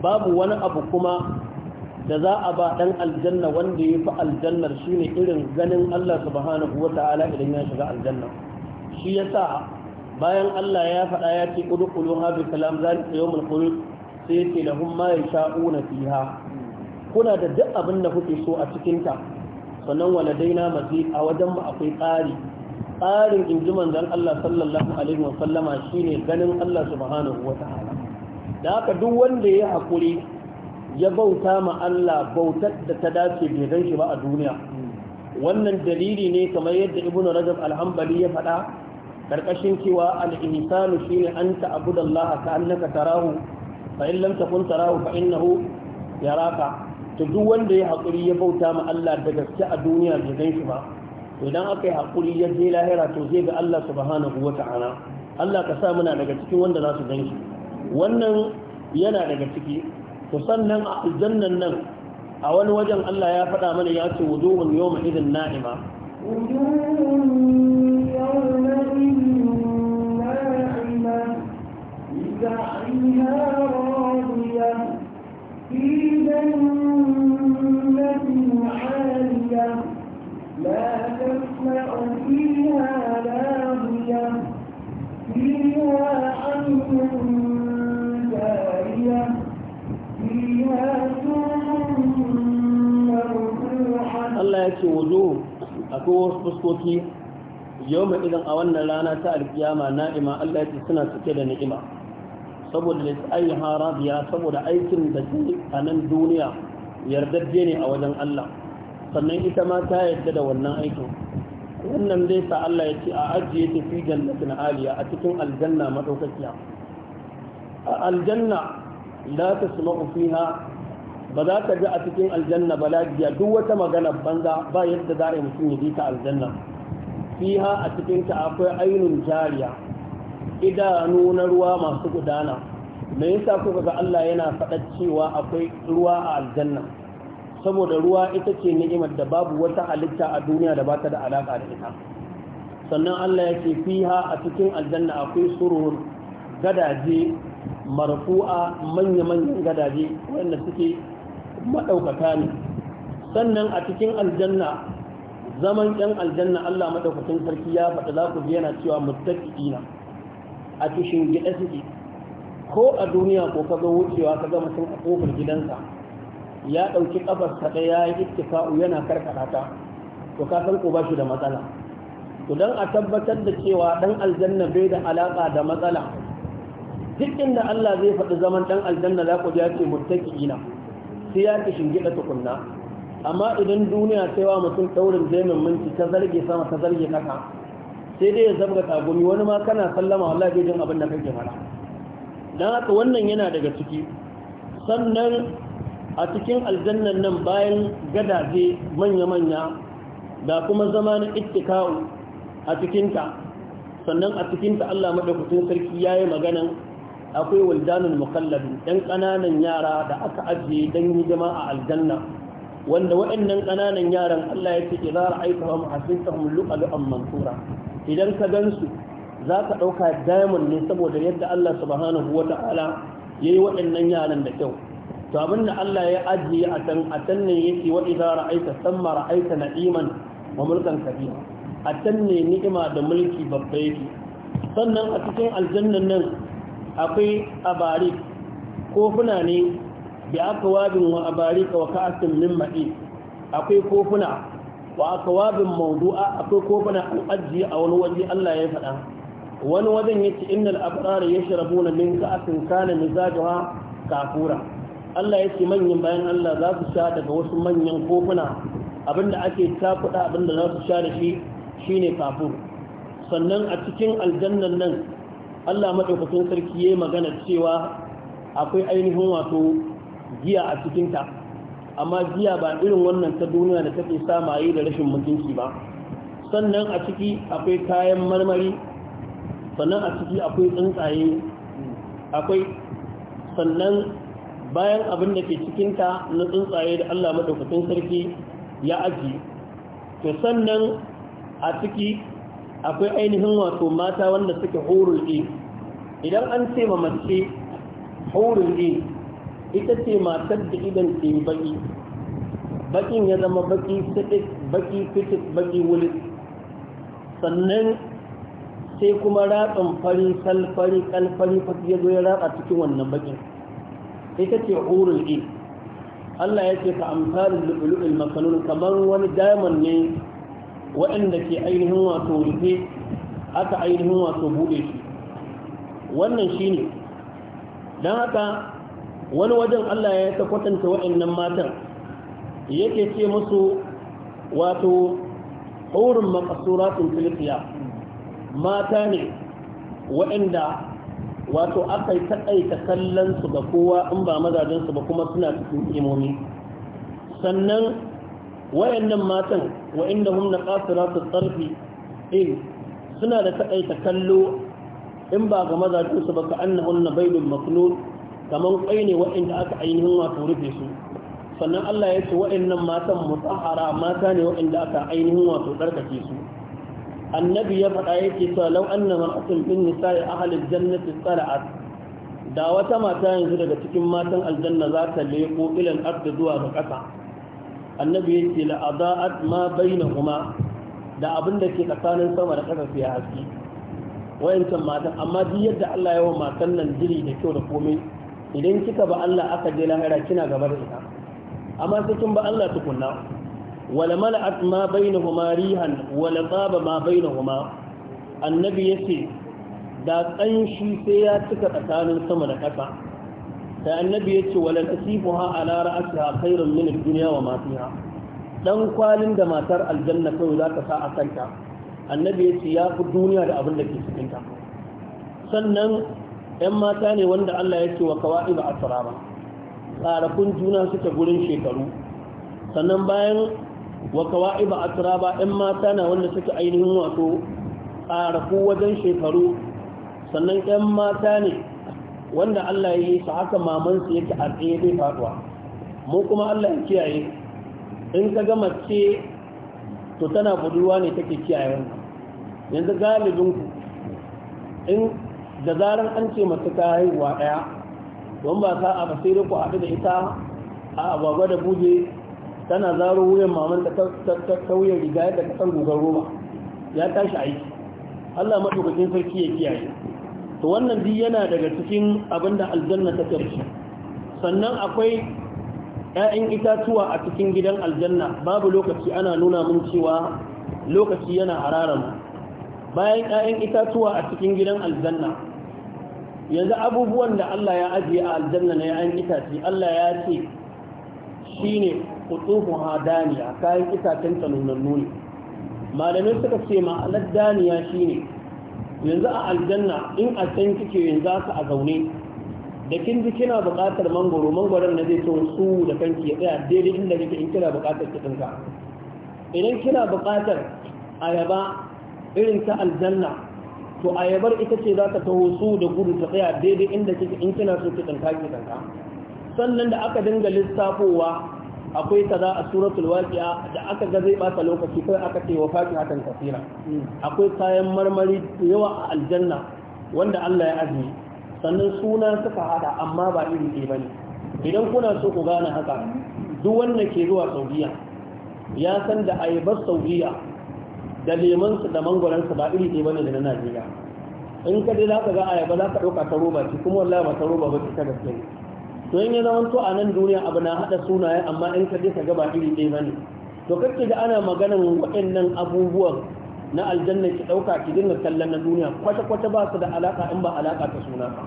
babu wani abu kuma da za a ba dan aljanna wanda ya fi aljannar shine irin ganin Allah subhanahu Ta'ala idan ya shiga aljanna shi sa bayan Allah ya faɗa ya ce udkhulu hadhi kalam zalika yawmul khulud sai yace lahum ma yasha'una fiha kuna da duk abin da kuke so a cikin ta sannan waladaina mazid a wajen mu akwai tsari tsarin inji manzon Allah sallallahu alaihi wa sallama shine ganin Allah subhanahu Ta'ala. da haka duk wanda ya hakuri ya bauta ma Allah bautar da ta dace bai gan shi ba a duniya wannan dalili ne kamar yadda ibnu rajab al-hanbali ya faɗa karkashin cewa al-ihsanu shine an ta'budu Allah ka annaka tarahu fa in lam takun tarahu fa innahu yaraka to duk wanda ya hakuri ya bauta ma Allah da gaske a duniya bai gan shi ba idan aka yi hakuri ya je lahira to zai ga Allah subhanahu wata'ala Allah ka sa muna daga cikin wanda za su gan shi wannan yana daga ciki to sannan a aljannan nan a wani wajen Allah ya faɗa mana ya ce wujuhun yawma idin na'ima لا تسمع فيها لاغية فيها عين دارية Allah ya ce wuzo akwai wasu fuskoki yau mai idan a wannan rana ta alkiyama na'ima Allah ya ce suna cike da ni'ima saboda da su ayi harabiya saboda aikin da ke a nan duniya yardajje ne a wajen Allah sannan ita ma ta yarda da wannan aikin wannan dai sa Allah ya ce a ajiye ta fi jannatin aliya a cikin aljanna maɗaukakiya a aljanna la tasma'u fiha ba za ka ji a cikin aljanna ba lafiya duk wata magana banza ba yadda za a yi mutum ya ji ta aljanna fiha a cikin ta akwai ainun jariya idanu na ruwa masu gudana me yasa kuka ga Allah yana faɗa cewa akwai ruwa a aljanna saboda ruwa ita ce ni'imar da babu wata halitta a duniya da ba ta da alaka da ita sannan Allah ya ce fiha a cikin aljanna akwai surur gadaje marfu'a manya-manyan gadaje wanda suke maɗaukaka ne sannan a cikin aljanna zaman ɗan aljanna Allah maɗaukacin sarki ya faɗa za ku yana cewa muttaqiina a cikin gida suke ko a duniya ko ka ga wucewa ka ga mutum a kofar gidansa ya ɗauki ƙafarsa ɗaya ya yi ittifa'u yana karkata ta to ka san ko ba shi da matsala to don a tabbatar da cewa ɗan aljanna bai da alaƙa da matsala duk inda Allah zai faɗi zaman ɗan aljanna za ku ya ce ina sai ya ki da tukunna amma idan duniya sai wa mutum daurin zaimin minti ta zarge sama ta zarge kasa sai dai ya zabga tagumi wani ma kana sallama wallahi bai jin abin da kake fara dan haka wannan yana daga ciki sannan a cikin aljannan nan bayan gadaje manya-manya da kuma zama na ittikawo a cikinta sannan a cikinta Allah madaukakin sarki yayi maganan akwai waldanul mukalladu ɗan ƙananan yara da aka ajiye dan hidima a aljanna wanda waɗannan ƙananan yaran Allah ya ce idza ra'aytahum hasintahum lu'lu'an mansura idan ka gansu za ka ɗauka diamond ne saboda yadda Allah subhanahu ya yayi waɗannan yaran da kyau to abin da Allah ya ajiye a can a can ne yake wa idza ra'aita samma ra'aita na'iman wa mulkan kabira a can ne ni'ima da mulki babba yake sannan a cikin aljannan nan akwai abari kofuna ne da aka wabin wa abari wa ka'asin min ma'i akwai kofuna wa aka wabin maudu'a akwai kofuna an ajiye a wani waje Allah ya faɗa wani wajen yace innal abrara yashrabuna min ka'asin kana mizajuha kafura Allah yace manyan bayan Allah za su sha daga wasu manyan kofuna abinda ake takuda abinda za su sha da shi shine kafur sannan a cikin aljannan nan Allah madaukakin sarki yi magana cewa akwai ainihin wato giya a cikin ta amma giya ba irin wannan ta duniya da take samaye da rashin mutunci ba sannan a ciki akwai kayan marmari sannan a ciki akwai tsuntsaye akwai sannan bayan abin da ke cikinta na tsuntsaye da Allah madaukakin sarki ya aji to sannan a ciki akwai ainihin wato mata wanda suke horin ɗi idan an ce ma mace horin ɗi ita ce matar da idan ce baki bakin ya zama baki sitik baki fitik baki wuli sannan sai kuma ratsan fari salfari kalfari fasi ya zo ya ratsa cikin wannan bakin ita ce horin ɗi Allah ya ce ka amsalin lulul makanun kamar wani diamond ne waɗanda ke ainihin wato rufe aka ainihin wato buɗe shi wannan shi ne don haka wani wajen Allah ya ta kwatanta waɗannan matan yake ce musu wato haurin makasuratun filifiya mata ne waɗanda wato aka yi taɗaita kallon ga kowa in ba mazajensu ba kuma suna cikin imomi sannan wayannan matan wa innahum naqasiratu tsarfi in eh, suna da takaita kallo in ba ga mazajen su ba ka annahunna baydun maknun kaman kwai ne wa'inda aka ainihin wato rufe su sannan Allah ya ce wa'annan matan mutahara mata ne wa'inda aka ainihin wato tsarkake su annabi ya faɗa yake cewa law anna mar'atun min nisa'i ahli jannati sala'at da wata mata yanzu daga cikin matan aljanna za ta leko ilan ardi zuwa ga ƙasa annabi ya ce la'adha'at ma bainahuma da abin da ke tsakanin sama da ƙasa sai haske wayancan matan amma duk yadda Allah ya wa matan nan jiri da kyau da komai idan kika ba Allah aka je lahira kina gaba da ita amma sai kin ba Allah tukunna wala mala'at ma bainahuma rihan wala taba ma bainahuma annabi ya ce da tsanshi sai ya cika tsakanin sama da ƙasa Da annabi ya ce walan a ala ra'atiha khairun min ad-dunya wa ma fiha dan kwalin da matar aljanna kai za ta sa a kanta annabi ya ce ya fi duniya da abin da ke cikin ta sannan yan mata ne wanda Allah ya ce wa kawaiba asrama tsarakun juna suke gurin shekaru sannan bayan wa kawaiba asraba yan mata na wanda suke ainihin wato tsaraku wajen shekaru sannan yan mata ne wanda Allah ya yi su haka mamansu yake a tsaye zai faɗuwa mu kuma Allah ya kiyaye in ka gama ce to tana budurwa ne take kiyaye yanzu galibin ku in da zarar an ce mace ta haihuwa ɗaya. don ba sa ba sai ku haɗu da ita a abuwa da buje tana zaro wuyan maman da ta wuyan riga da kasan gugar roba ya tashi aiki Allah maɗaukakin sarki ya kiyaye to wannan bi yana daga cikin abinda aljanna ta karshe sannan akwai ‘ya'yan itatuwa a cikin gidan aljanna babu lokaci ana nuna mun cewa lokaci yana hararan bayan ‘ya'yan itatuwa a cikin gidan aljanna yanzu abubuwan da Allah ya ajiye a aljanna na ‘ya'yan itace Allah ya ce shine ne hadaniya kayan itacen ta nunannu ne malamai suka ce ma'anar daniya shine yanzu a aljanna in a can kike yanzu haka a zaune da kin ji kina buƙatar mangoro mangoron na zai tsohon su da kanki ya tsaya daidai inda kike in kina buƙatar ki dinka idan kina buƙatar ayaba irin ta aljanna to ayabar ita ce za ta taho su da gudu ta tsaya daidai inda kike in kina so ki tsanka ki tsanka sannan da aka dinga lissafowa akwai ta za a suratul waqi'a da aka ga zai bata lokaci kai aka ce wa faki hakan kafira akwai kayan marmari yawa a aljanna wanda Allah ya azumi sannan suna suka hada amma ba iri ɗaya bane idan kuna so ku gane haka duk wanda ke zuwa Saudiya ya san da ayyabar Saudiya da leman su da mangoran su ba iri ɗaya bane da na Najeriya in ka dai za ka ga ayaba za ka ɗauka ta roba ce kuma wallahi ba ta roba ba ta gaske to in ya zama a nan duniya abu na haɗa sunaye amma in ka je ka gaba iri ɗaya ba ne to kake ga ana maganan waɗannan abubuwan na aljanna ki ɗauka ki dinga kallon na duniya kwata kwata ba su da alaƙa in ba alaƙa ta suna ba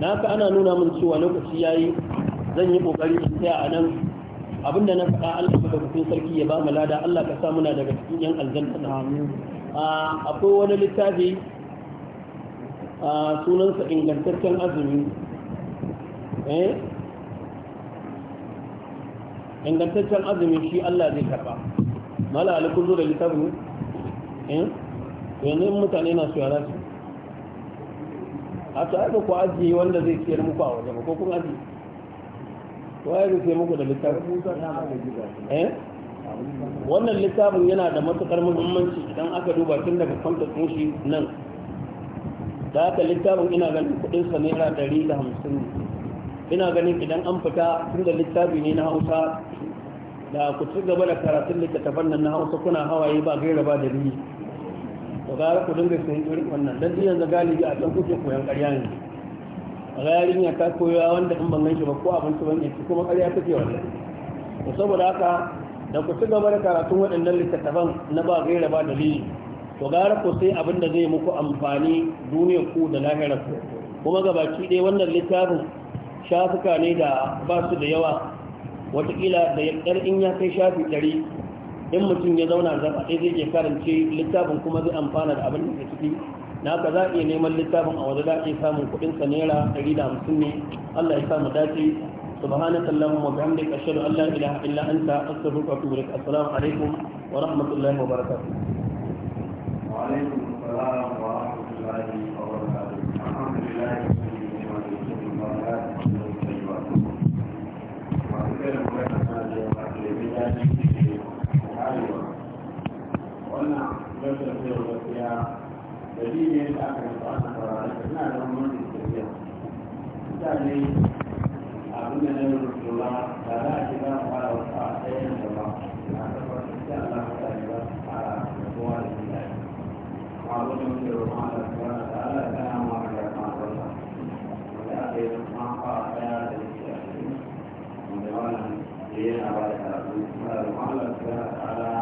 na haka ana nuna min cewa lokaci ya yi zan yi ƙoƙari in tsaya a nan abinda na faɗa Allah madaukakin sarki ya ba mu lada Allah ka sa muna daga cikin yan aljanna akwai wani littafi sunansa ingantaccen azumi eh? ingantaccen azumi shi Allah zai karba mala alikun zo da littafin eh yanzu mutane na su yara su a ta ku ajiye wanda zai ciyar muku a waje ko kun ajiye ko ya zai muku da littafin eh wannan littafin yana da matukar muhimmanci idan aka duba tun daga kwanta shi nan da aka littafin ina ganin kudin sa naira 150 ina ganin idan an fita tun da littafi ne na hausa da ku ci gaba da karatun littattafan nan na hausa kuna hawaye ba gaira ba da biyu to gara ku dinga sayan irin wannan dan duk yanzu galibi a can kuke koyan ƙarya ne a ga yarinya ta koya wanda in ban ganshi ba ko abinci ban yanki kuma ƙarya take wannan to saboda haka da ku ci gaba da karatun waɗannan littattafan na ba gaira ba dalili to gara ku sai abin da zai muku amfani duniyar ku da lahirar ku kuma gabaki ɗaya wannan littafin shafuka ne da ba su da yawa watakila da yaddar in ya kai shafi ɗari in mutum ya zauna zaba zai ke karance littafin kuma zai amfana da abin da ke ciki na ka za iya neman littafin a waje za iya samun kuɗin sa naira ɗari da hamsin ne allah ya samu dace subhanaka allahumma wa bihamdika ashhadu an la ilaha illa anta astaghfiruka wa atubu ilaik assalamu alaikum wa rahmatullahi wa barakatuh wa wa rahmatullahi wannan rashin zai gaskiya da bi ne da aka yi ba na fararen da suna da wani tafiya mutane abin da na yi rukula da za a ce za a fara wasu a tsayin da ba a tabbatar da Allah ta yi ba a fara da kowa da shi daji ma gudun da roƙon da suwa da Allah ta yi ma da ma rosa wanda aka yi ma fara tsaya da shi a cikin wanda wannan da yana ba da karatu da roƙon da suwa da Allah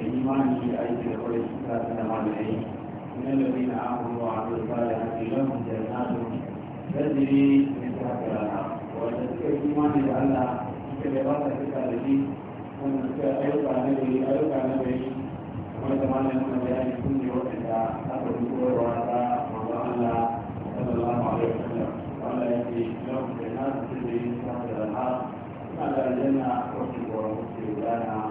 الإيمان بأيدي الخلق كاتب عليه من الذين آمنوا وعملوا الصالحات لهم جنات تجري من تحتها الأنهار وتذكر الإيمان لأن كلمات الكتابين ومن أيضا نبي أيضا نبي ويتمنى لنا بأن كل وقت أخذ الكور وأتى وأن صلى الله عليه وسلم وأن يأتي لهم جنات تجري من تحتها الأنهار على الجنة وفي ورسول الله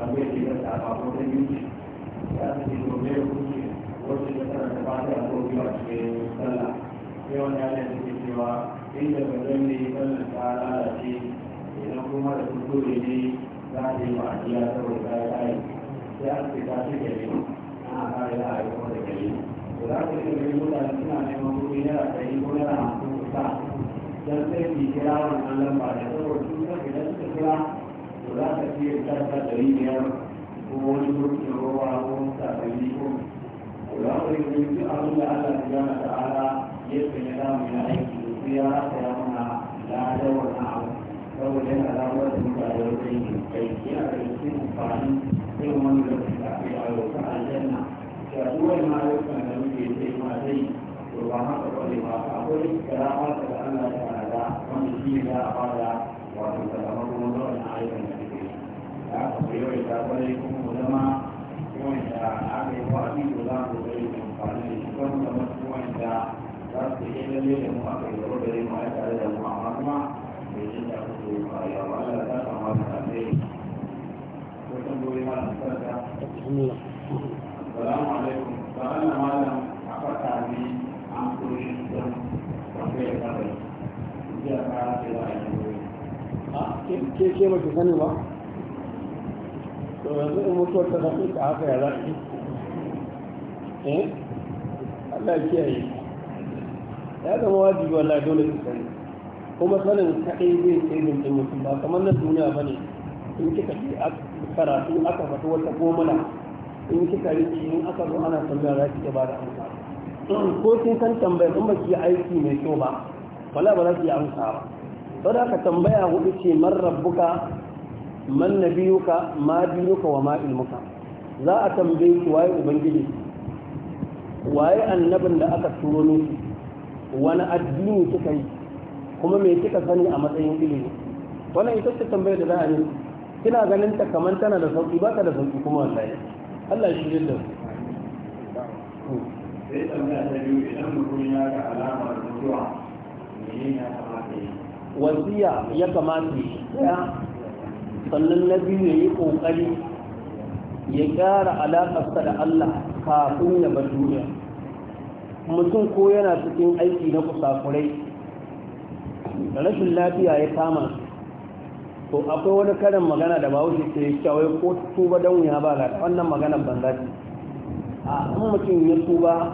wanda yake da sakamakon da yi ya ta ke gobe ya kuke wasu da tana da fata a gobe a cikin sallah sai wani ya lafi ke cewa inda ba zan ne sallar ta lalace idan kuma da kuskure ne za a yi jiya saboda ta yi ayi sai an ce ta gari ana kare da a yi kuma da gari to za ku ce gari mutane suna neman kuɗi da ɗari ko naira hamsin kusa don sai ki kira wannan lamba da saboda su kan idan suka kira za ka fiye da ta ɗari biyar ko wani lokacin ruwa ko sakali ko za ka yi wani duk abin da Allah ya gana ta'ala ya sanya damu ya aiki da su ya rasa ya da ladar wani abu saboda yana damar da mutane wajen kai aiki a da cikin amfani sai wani lokacin da aka yi a yau ta aljanna ya duwai ma yau kan da muke sai ma zai to ba haka kwale ba akwai karama da Allah ya ta'ala wanda shi ne za a fara wato da kamar kuma zuwa na ayyukan da da aka fi yawai da kwarai kuma mu zama wanda aka yi wa abin da za mu zai yi amfani da shi kan zama wanda za su yi lalle da mu aka yi gaba da mu a tare da mu amma kuma bai jin da su yi ba ya ba Allah ta kama da kai ko tambayoyi ma da sarka assalamu alaikum ba Allah malam a faɗa ne an koyi don tambayar kawai jiya ka ce za a yi ke ke mace sani ba to yanzu in mutuwar ta zafi haka ya zafi eh Allah ya zama wajibi wallahi dole ka sani kuma sanin kaɗai zai din mutum ba kamar na duniya ba ne in kika karatu aka fata wata in kika aka zo ana tambaya za ki ba da amsa ko kin san tambaya ki aiki mai kyau ba wala ba za ki amsa ba saboda ka tambaya hudu ce man rabbuka man nabiyuka ma dinuka wa ma ilmuka za a tambaye ki waye ubangiji waye annabin da aka turo ne wani addini kika yi kuma me kika sani a matsayin ilimi wannan ita ce tambayar da za a yi kina ganin ta kamar tana da sauki ba ta da sauki kuma wallahi Allah shi da sai tambaya ta biyu idan mutum ya ga alamar mutuwa menene ya kamata yi wasiya ya kamata ya sannan na biyu ya yi ƙoƙari ya gyara alaƙarsa da Allah kafin ya bar duniya mutum ko yana cikin aiki na kusakurai rashin lafiya ya kama to akwai wani karin magana da bahaushe ke kyawai ko tuba don ya ba ga wannan maganar banza a in mutum ya tuba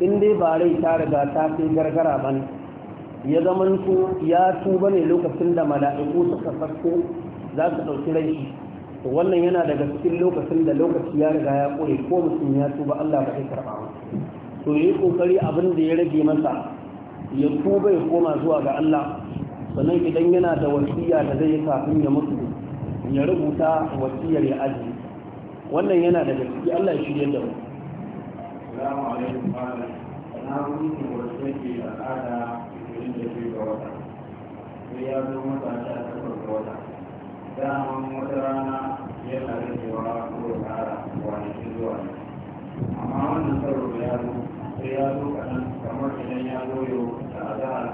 in dai ba rai ta riga ta fi gargara ba ya zama ya tuba ne lokacin da mala'iku suka sarko za su ɗauki rai shi to wannan yana daga cikin lokacin da lokaci ya riga ya ƙure ko mutum ya tuba Allah ba zai karɓa ba to yi ƙoƙari abin da ya rage masa ya tuba ya koma zuwa ga Allah sannan idan yana da wasiya da zai kafin ya mutu ya rubuta wasiyar ya aji wannan yana daga ciki Allah ya shirye da mu Assalamu alaikum malam na rubuta wasiyar al'ada 22 ga wata sai ya zo mata daman wata rana yana rikewa ko ya kara kwanaki zuwa ne amma wannan sauro ya zo sai ya zo kaɗan kamar idan ya goyo da azahar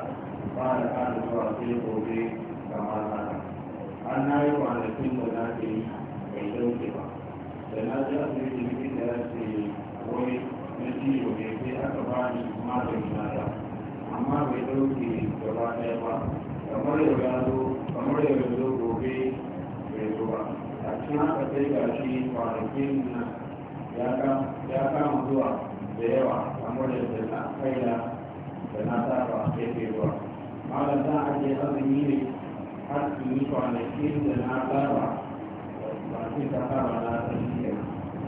ba da kara zuwa sai gobe kamar haka an na yi kwanakin da na ke bai dauke ba da na ji asibiti da ya ce wai na ciwo ne sai aka bani magani na da amma bai dauke gaba ɗaya ba kamar yau ya zo kamar yau ya zo gobe zuwa a cikin haka kwanakin ya kama zuwa da yawa kamar da na kaida da na saba yake zuwa malam ta ake ke azumi ne har su yi kwanakin da na saba kwanakin ta saba na san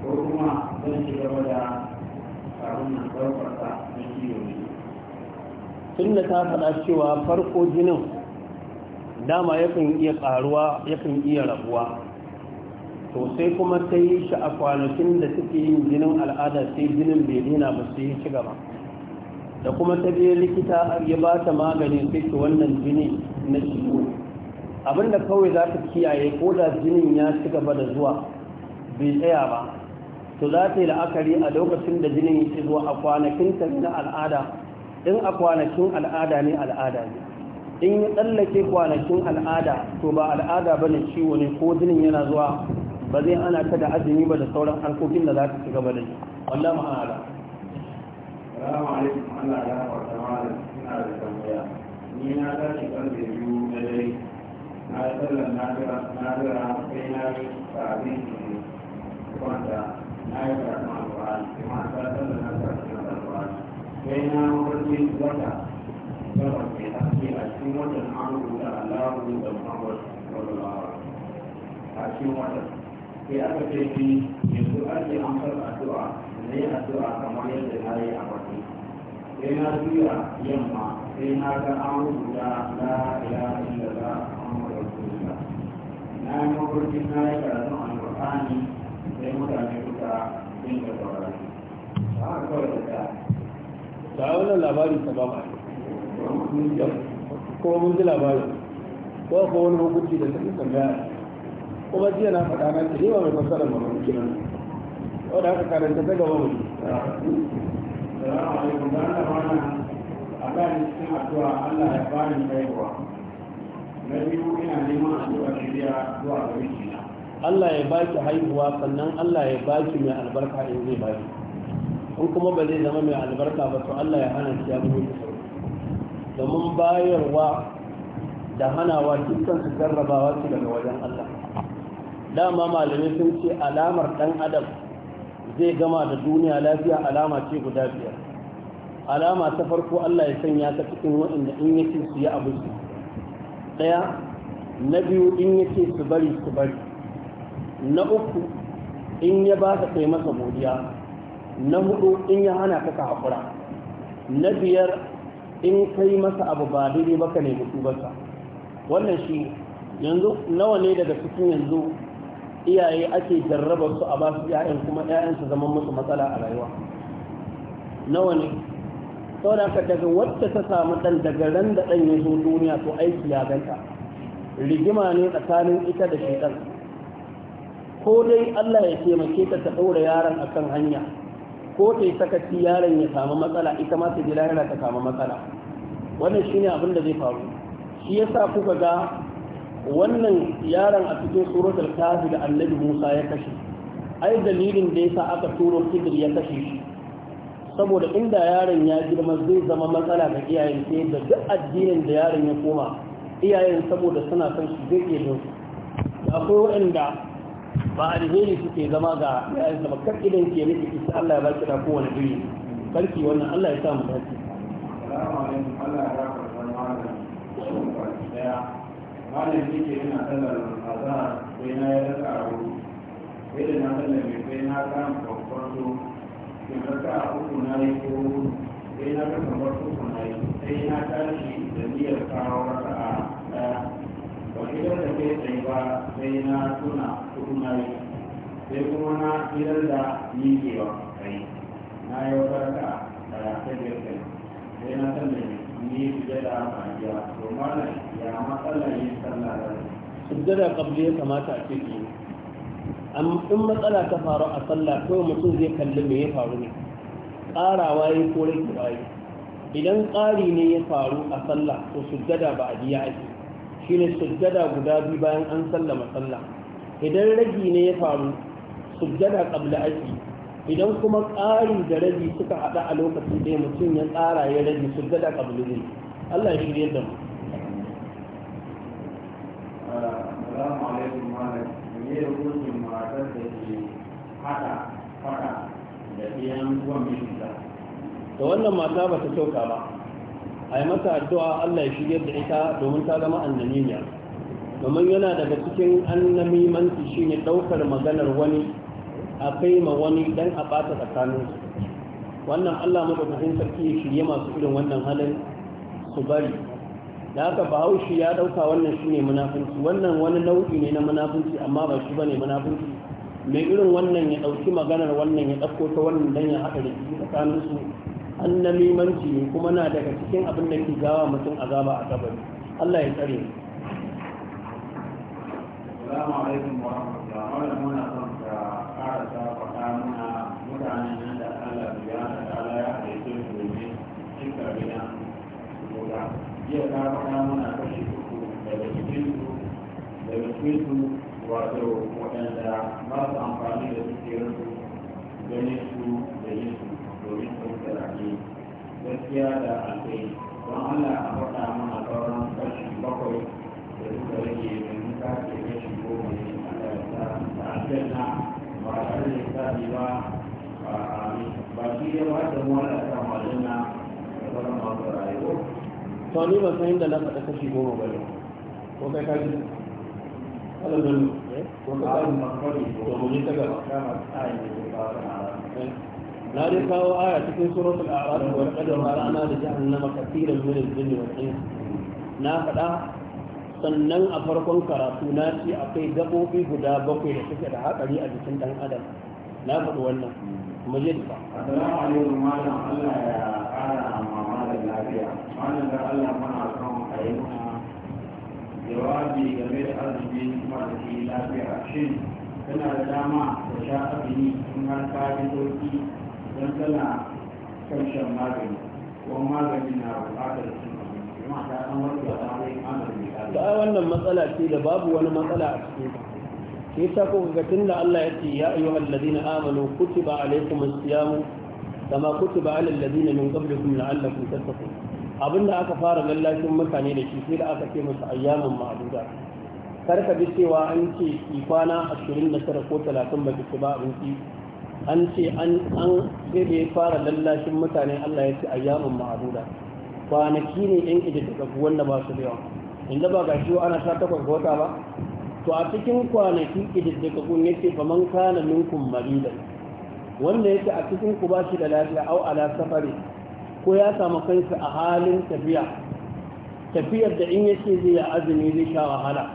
ko kuma zan ci gaba da abin nan ɗaukar sa na kiwo ne tun da ta faɗa cewa farko jinin dama yakan iya ƙaruwa yakan iya rabuwa to sai kuma ta yi shi a kwanakin da suke yin jinin al'ada sai jinin bai daina ba sai ya ci gaba da kuma ta biya likita ya ba ta magani sai ki wannan jini na ciwo abinda kawai za ta kiyaye ko da jinin ya ci gaba da zuwa bai tsaya ba to za ta yi la'akari a lokacin da jinin ya ci zuwa a kwanakin ta na al'ada in a kwanakin al'ada ne al'ada ne in yi tsallake kwanakin al'ada to ba al'ada ba ne ciwo ne ko jinin yana zuwa ba zai ana ta da azumi ba da sauran harkokin da za ka ci gaba da shi wanda ma'ala salamu alaikum Allah ya farka malam ina da tambaya ni na tashi karfe biyu na dare na yi na kira na kira sai na yi sabin kwanta na yi karfin alfahari kuma ta sallar na karfin alfahari sai na mafarki wata fassara mai haske a cikin watan da Muhammad sallallahu alaihi a cikin watan sai aka ce shi yanzu ake amsar na kamar yadda na yi a wani sai na yamma sai na ga an rubuta la ilaha illallah yi na yi karatun sai mutane saurari ba a da ta wani labarin ta ba ko mun ji labarin ko ko wani hukunci da take tambaya kuma jiya na faɗa na ce ba mai fassara ba mun kiran ko da aka karanta ta gaba mun salamu alaikum dan da wannan akan cikin addu'a Allah ya bani kaiwa na biyu ina neman addu'a shirya zuwa gare shi Allah ya baki haihuwa sannan Allah ya baki mai albarka in zai baki in kuma ba zai zama mai albarka ba to Allah ya hana ki ya mutu Da mun bayarwa da hanawa dukkan su jarrabawa su daga wajen Allah dama malamai sun ce alamar dan adam zai gama da duniya lafiya alama ce guda biyar alama ta farko Allah ya sanya ta cikin waɗanda in yake su yi abu su daya na biyu in yake su bari su bari na uku in ya ba ka kai masa godiya na hudu in ya hana ka ka haƙura na biyar in kai masa abu ba daidai ba ka nemi tubarsa wannan shi yanzu nawa ne daga cikin yanzu iyaye ake jarraba su a basu yayan kuma zaman su zama musu matsala a rayuwa nawa ne saboda ka daga wacce ta samu ɗan daga ran da ɗan yazo duniya to aiki ya ganta rigima ne tsakanin ita da shaitan ko dai Allah ya taimake ta ta daura yaron akan hanya ko ta yi sakaci yaron ya samu matsala ita ma ta ji yana ta samu matsala wannan ne abin da zai faru shi ya sa kuka ga wannan yaron a cikin surutar kafi da annabi Musa ya kashe ai dalilin da ya sa aka turo kidir ya kashe shi saboda inda yaron ya girma zai zama matsala ga iyayen sai da duk addinin da yaron ya koma iyayen saboda suna son shi zai iya su akwai waɗanda ba a alheri suke zama ga yayin da makar idan ke miki kisa Allah ya baki da kowane duri karki wannan Allah ya sa mu dace assalamu alaikum Allah ya rafa malam malam yake yana sallar azhar sai na ya raka abu sai da na sallar mai sai na kan babbar so in raka uku na yi ko sai na kan babbar so na yi sai na tashi da niyyar kawo raka'a daya idan da ke tsaye ba sai na tuna kudu na yi sai kuma na idan da miƙewa kai na yi wa ka da ta kai sai na san da ni sujada a biya to malam ya matsalar yin sallah da sujada kabli ya kamata a ce cikin in matsala ta faru a sallah kawai mutum zai kalli me ya faru ne ƙarawa ya ko rage waye idan ƙari ne ya faru a sallah to sujjada ba a biya ake shine sujjada guda biyu bayan an sallama sallah idan ragi ne ya faru sujjada qabla aiki idan kuma ƙari da ragi suka haɗa a lokacin da mutum ya tsara ya ragi sujjada qabla ne Allah ya shirye da mu Assalamu alaikum malam me ya rubuta matar da ke haɗa fada da iyan uwan mijinta da wannan mata ba ta kyauta ba a yi mata addu'a Allah ya shigar da ita domin ta zama annamiya domin yana daga cikin annamimanci shi ne ɗaukar maganar wani a kai ma wani don a ɓata tsakaninsu wannan Allah madaukakin sarki ya shirye masu irin wannan halin su bari da haka bahaushe ya ɗauka wannan shi ne munafunci wannan wani nau'i ne na munafunci amma ba shi ba ne munafunci mai irin wannan ya ɗauki maganar wannan ya ɗauko ta wannan don ya haɗa da tsakaninsu an na limanci ne kuma na daga cikin abin da ke gawa mutum azaba a kabari Allah ya tsare mu Assalamu alaikum wa rahmatullahi wa barakatuh muna son ka fara ta faɗa muna mutanen nan da Allah ya da Allah ya haife su domin cika gida gora jiya ka faɗa muna kashi uku daga cikin su daga cikin su wato waɗanda ba su amfani da suke rasu ganin su da yin su ke gaskiya da alkai don Allah a faɗa mana sauran kashi bakwai da suka rage domin kashi kashi goma ne Allah a ta da aljanna ba tare da tsari ba a amin ba shi ya ba da mu Allah ya sa aljanna da sauran masu rayuwa. To ni ba san inda na faɗa kashi goma ba ne. Ko kai kashi? Kalau ka kalau kita makan itu, ko juga makan na itu. Eh? na dai kawo aya cikin suratul a'raf wa laqad ra'ana li jahannama katiran min al-jinni wal ins na faɗa sannan a farkon karatu na ce akwai gabobi guda bakwai da suke da haƙari a jikin ɗan adam na faɗi wannan mu je duka assalamu alaikum malam Allah ya ƙara amma da lafiya malam da Allah mana kan ayyuka jawabi game da arziki malaki lafiya shin tana da dama da sha abini in har ka ji sauki don tana kan shan magani ko magani na buƙatar cin abinci kuma san wani ba ta mai magani wannan matsala ce da babu wani matsala a cikin ke ta ko ga da Allah ya ce ya ayyu ayyuhal ladina amanu kutiba alaykumus siyamu kama kutiba alal ladina min qablikum la'allakum tattaqun abinda aka fara lallashin mutane da shi sai da aka ce musu ayyamin ma'aduda kar ka bi cewa an ce ki kwana 29 ko 30 ba ki ba abinci an ce an an da ya fara lallashin mutane Allah ya ce ayyamin ma'aduda kwanaki ne yan ididdigaggu wanda ba su da yawa inda ba gashi ana sa takwas ga wata ba to a cikin kwanaki ididdigaggu ne ce fa man kana minkum maridan wanda yake a cikin ku ba shi da lafiya au ala safari ko ya samu kansa a halin tafiya tafiyar da in yace zai ya azumi zai sha wahala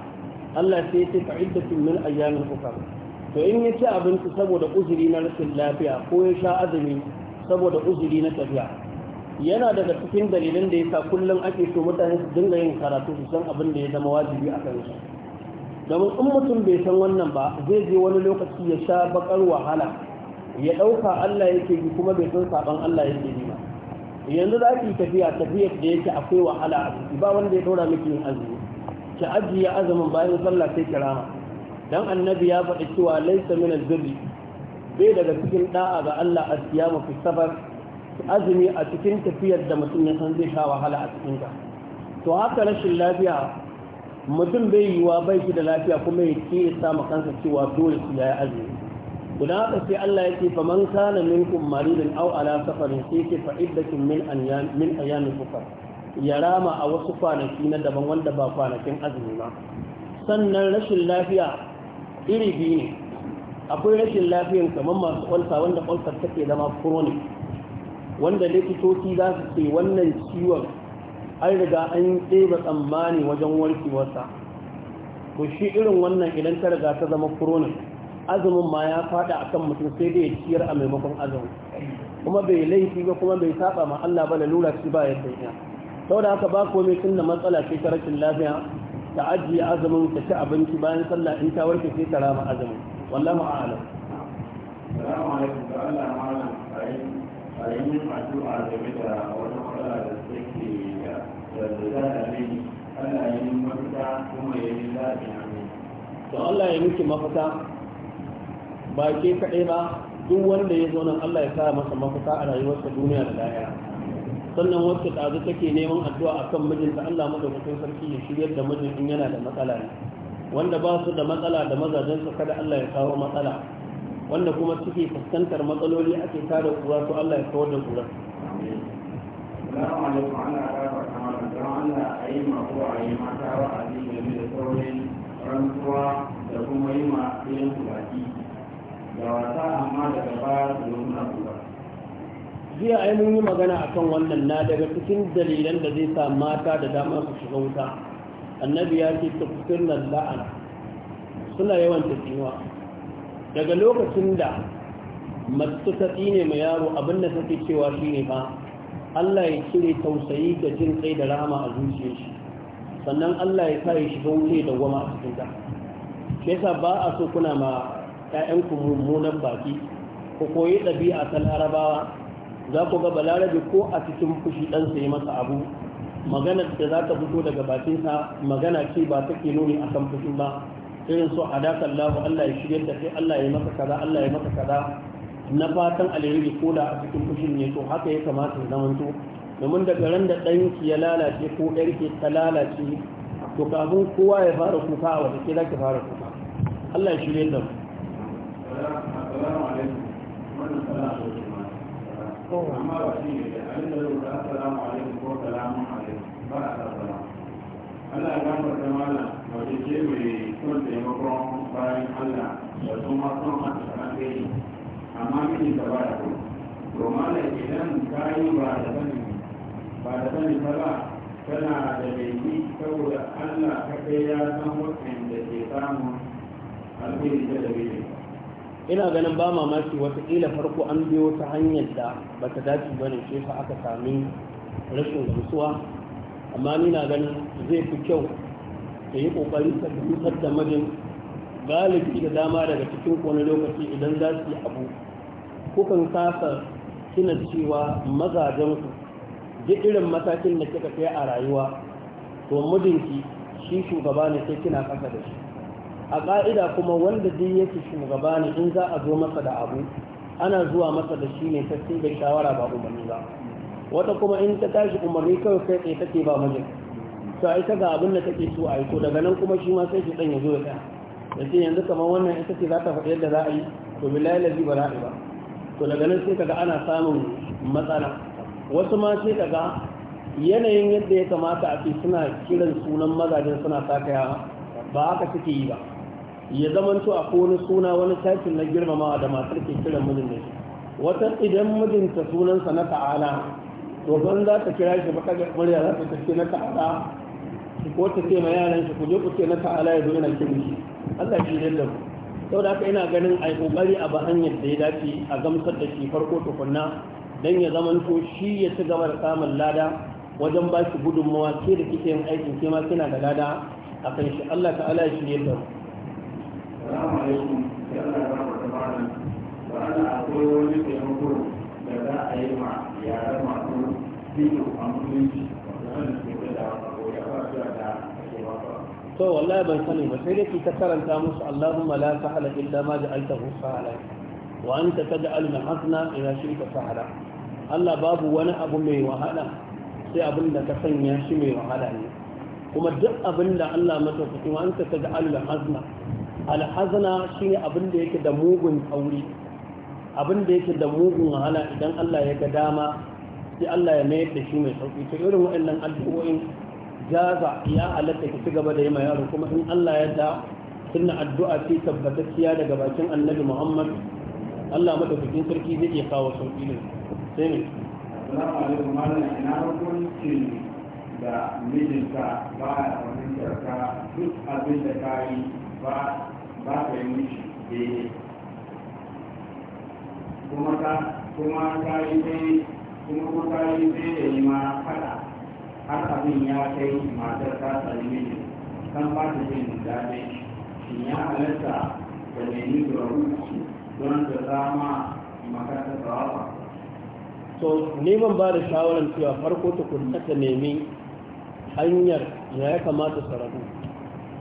Allah sai ya ce fa'idatun min ayyamin ukhra to in ya ci abinci saboda uzuri na rashin lafiya ko ya sha azumi saboda uzuri na tafiya yana daga cikin dalilin da ya sa kullum ake so mutane su dinga yin karatu su san abin da ya zama wajibi a kan shi domin in mutum bai san wannan ba zai je wani lokaci ya sha bakar wahala ya ɗauka Allah yake yi kuma bai san saɓan Allah yake bi ba yanzu za ki tafiya tafiyar da yake akwai wahala a ciki ba wanda ya ɗora miki yin azumi ki ajiye azumin bayan sallah sai kirama dan annabi ya faɗi cewa laisa min albirri bai daga cikin da'a ga Allah asiyamu fi safar azumi a cikin tafiyar da mutum ya san zai sha wahala a cikin ta to haka rashin lafiya mutum bai yiwa bai shi da lafiya kuma ya ce sama kansa cewa dole su yayi azumi guda haka sai Allah ya ce fa man kana kun maridan aw ala safarin sai ce fa min ayyam min ya rama a wasu kwanaki na daban wanda ba kwanakin azumi ba sannan rashin lafiya iri biyu ne akwai rashin lafiyan kamar masu ƙwalsa wanda ƙwalsar take zama chronic wanda likitoci za su ce wannan ciwon an riga an ɗeba tsammani wajen warkewarsa ko shi irin wannan idan ta riga ta zama chronic azumin ma ya a kan mutum sai dai ya ciyar a maimakon azumi kuma bai laifi ba kuma bai saba ma Allah ba lura shi ba ya sanya saboda haka ba komai tunda matsala ce ta rashin lafiya ta ajiye azumin ta ci abinci bayan sallah in ta warke sai ta rama azumin wallahu a'lam Salamu alaikum da Allah malam a yi min addu'a game da wani kula da take da da da ne Allah ya yi mafita kuma ya yi lafiya amin to Allah ya miki mafita ba ke kaɗai ba duk wanda ya zo nan Allah ya sa masa mafita a rayuwarsa duniya da lahira sannan wacce ɗazu take neman addu'a akan mijinta Allah madaukakin sarki ya shigar da mijin yana da matsala ne wanda ba su da matsala da mazajen su kada Allah ya kawo matsala wanda kuma suke fuskantar matsaloli ake tada uwa su Allah ya kawar da kura Assalamu alaikum ana rafa kamar don Allah a yi mako a yi mata a yi game da saurin rantsuwa da kuma yi ma ɗayan baki da wasa amma daga baya su nuna kura jiya ai mun yi magana akan wannan na daga cikin dalilan da zai sa mata da dama su shiga wuta annabi ya ce ta tafsirna la'ana suna yawan tafiwa daga lokacin da masu tafi ne mai yaro abinda take cewa shine ba Allah ya cire tausayi da jin kai da rama a zuciya shi sannan Allah ya kare shi wuce da goma a cikin ta shi ba a so kuna ma 'ya'yanku mummunan baki ku koyi ɗabi'a ta larabawa za ku ga balarabe ko a cikin fushi ɗansa ya masa abu maganar da za ta fito daga bakinsa magana ce ba ta ke nuni a kan fushin ba irin so a dakar lahu allah ya shirya da kai allah ya maka kaza allah ya maka kaza na fatan alheri ko da a cikin fushin ne to haka ya kamata ya zamanto domin daga ran da ɗanki ya lalace ko ɗarki ta lalace to kafin kowa ya fara kuka a wata kila ki fara kuka Allah ya shirye da mu amma ba shi ne abin da zai assalamu alaikum ko alaikum ba a sa Allah ya gafarta wajen mai son taimakon bayan Allah da kuma son a amma mini da ba da kuma idan ka yi ba da sani ba da sani ba tana da laifi saboda Allah ka kai ya san ke samun alheri da ina ganin ba mamaki watakila farko an biyo ta hanyar da ba ta dace ba ne fa aka sami rashin gamsuwa amma ni ganin zai fi kyau ta yi kokari ta fitar da mijin galibi da dama daga cikin wani lokaci idan za su yi abu kukan kasa kina cewa mazajen ku duk irin matakin da kika kai a rayuwa to mijinki shi shugaba ne sai kina kasa da shi a ƙa'ida kuma wanda duk yake shugaba ne in za a zo masa da abu ana zuwa masa da shi ne ta da shawara ba umarni ba wata kuma in ta tashi umarni kawai kai tsaye take ba mijin to ai ta ga abin da take so a yi to daga nan kuma shi ma sai shi dan ya zo ya tsaya da ce yanzu kamar wannan ita ce za ta faɗi yadda za a yi to billahi lazi ba za a yi ba to daga nan sai kaga ana samun matsala wasu ma sai kaga yanayin yadda ya kamata a ce suna kiran sunan mazajen suna sa ba haka suke yi ba ya zamanto a wani suna wani tashin na girmamawa da matar ke kira mijin da wata idan mijinta sunansa na ta'ala to ban za ta kira shi baka ga murya za ta tafi na ta'ala ko ta ce ma yaran shi ku je ku ce na ta'ala ya zo yana kiran Allah ya ji da saboda haka ina ganin ai kokari a ba hanyar da ya dace a gamsar da shi farko tukunna dan ya zamanto shi ya ci gaba da samun lada wajen ba shi gudunmawa ke da kike yin aikin ke ma kina da lada a kan shi Allah ta'ala ya shirye da mu salamu alaikum ya Allah ya rabu da malam ba ana akwai wani taimako da za a yi masu da ya da to wallahi ban sani ba sai dai ki karanta musu Allahumma la sahla illa ma ja'altahu sahla wa anta taj'al al-hazna idha shi'ta sahla Allah babu wani abu mai wahala sai abin da ka sanya shi mai wahala ne kuma duk abin da Allah masa wa anta taj'al al-hazna shi ne abin da yake da mugun tsauri abin da yake da mugun wahala idan Allah ya ga dama sai Allah ya mayar da shi mai sauki to irin waɗannan addu'o'in jaza ya halatta ki cigaba da yi ma yaro kuma in Allah ya da sunna addu'a ce tabbatacciya daga bakin Annabi Muhammad Allah madaukakin sarki zai iya kawo sauki ne sai ne Assalamu alaikum malam ina hukunci da mijinka ba a wani duk abin da ka yi ba ta ka yi mishi daidai kuma ta kuma ka yi daidai kuma yi daidai ma fada har abin ya kai matar ta sami miji kan ba ta jin daɗin shi ya halatta da nemi doron don ta zama ta rawa so neman ba da shawarar cewa farko ta kunta ta nemi hanyar da ya kamata su rabu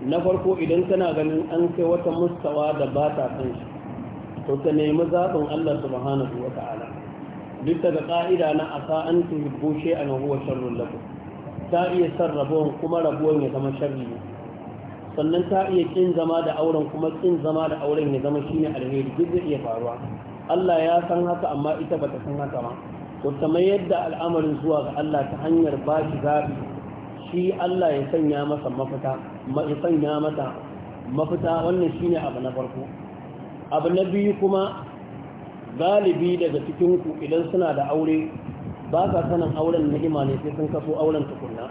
na farko idan kana ganin an kai wata mustawa da ba ta kan shi to ka nemi zaɓin Allah subhanahu wa ta'ala duk daga ƙa'ida na asa an tuhibbu shay'an huwa sharrun lakum ta iya san rabuwan kuma rabuwan ya zama sharri sannan ta iya kin zama da auren kuma kin zama da auren ya zama shine alheri duk zai iya faruwa Allah ya san haka amma ita bata san haka ba to kamar yadda al'amarin zuwa ga Allah ta hanyar ba shi zaɓi shi Allah ya sanya masa mafita sanya mata mafita wannan shi ne abu na farko abu na biyu kuma galibi daga cikinku idan suna da aure ba ka sanin auren ni'ima ne sai sun kaso auren tukunna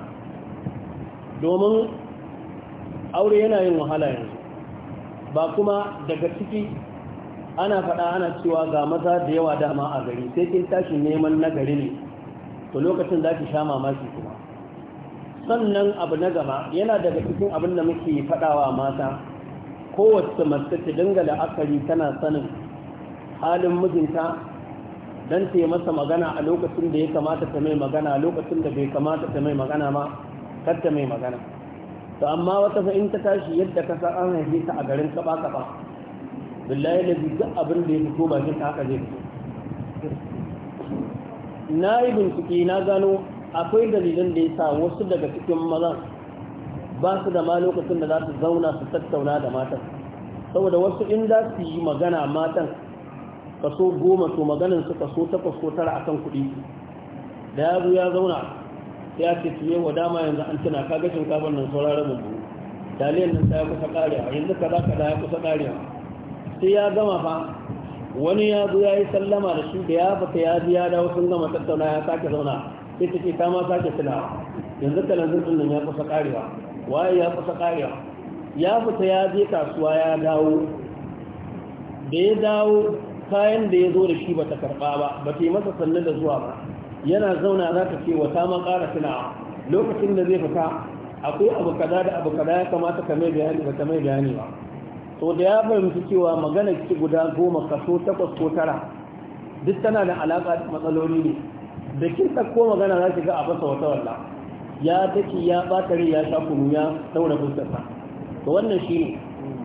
domin aure yana yin wahala yanzu ba kuma daga ciki ana faɗa ana cewa ga maza da yawa dama a gari sai kin tashi neman nagari ne to lokacin za ki sha mamaki ko sannan abu na gaba yana daga cikin abin da muke faɗawa mata kowace mace ta dinga la'akari tana sanin halin mijinta don ta yi masa magana a lokacin da ya kamata ta mai magana lokacin da bai kamata ta mai magana ma kar ta mai magana to amma wata fa in ta tashi yadda ka san an haife ta a garin kaba kaba billahi da duk abin da ya fito ba shi haka zai na yi bincike na gano akwai dalilan da yasa wasu daga cikin mazan ba su da ma lokacin da za su zauna su tattauna da matan saboda wasu in za su yi magana matan kaso goma to maganin su kaso takwas ko tara akan kuɗi da ya zo ya zauna sai ya ce yi wa dama yanzu an tuna ka gashin kaban nan sauraron mu dalilin nan ta ya kusa ƙarewa yanzu kaza kaza ya kusa ƙarewa sai ya gama fa wani ya zo ya yi sallama da shi da ya fita ya ji ya dawo sun gama tattauna ya sake zauna sai take ce ta ma sake tunawa yanzu kalanzin ɗin nan ya kusa karewa. waye ya kusa karewa? ya fita ya je kasuwa ya dawo da ya dawo kayan da ya zo da shi ba ta ba ba ta yi masa sannu da zuwa ba yana zauna za ta ce wata ma ƙara tunawa lokacin da zai fita akwai abu kaza da abu kaza ya kamata ka mai bayani ba ta mai bayani ba to da ya fahimci cewa magana ki guda goma kaso takwas ko tara duk tana da alaƙa da matsaloli ne da kin magana za ki ga a fasa wata walla ya take ya ɓata rai ya sha kunu ya daura fuskarsa to wannan shi ne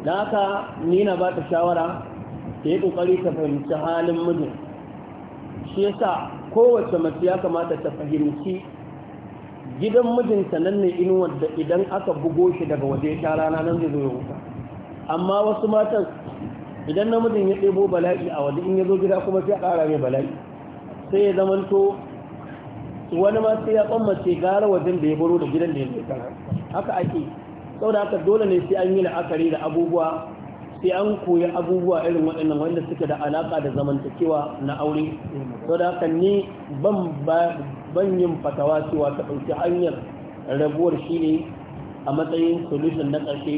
da haka ni na ba ta shawara ta yi ƙoƙari ta fahimci halin mijin shi yasa kowace mace ya kamata ta fahimci gidan mijinta nan ne inuwar da idan aka bugo shi daga waje ta rana nan zai zo ya wuta amma wasu matan idan namijin ya ɗebo bala'i a waje in ya zo gida kuma sai a ƙara mai bala'i sai ya zamanto to wani ma sai ya tsammace gara wajen da ya baro da gidan da ya kan haka ake saboda haka dole ne sai an yi la'akari da abubuwa sai an koyi abubuwa irin waɗannan wanda suke da alaƙa da zamantakewa na aure saboda haka ni ban ban yin fatawa cewa ta ɗauki hanyar rabuwar shi ne a matsayin solution na ƙarshe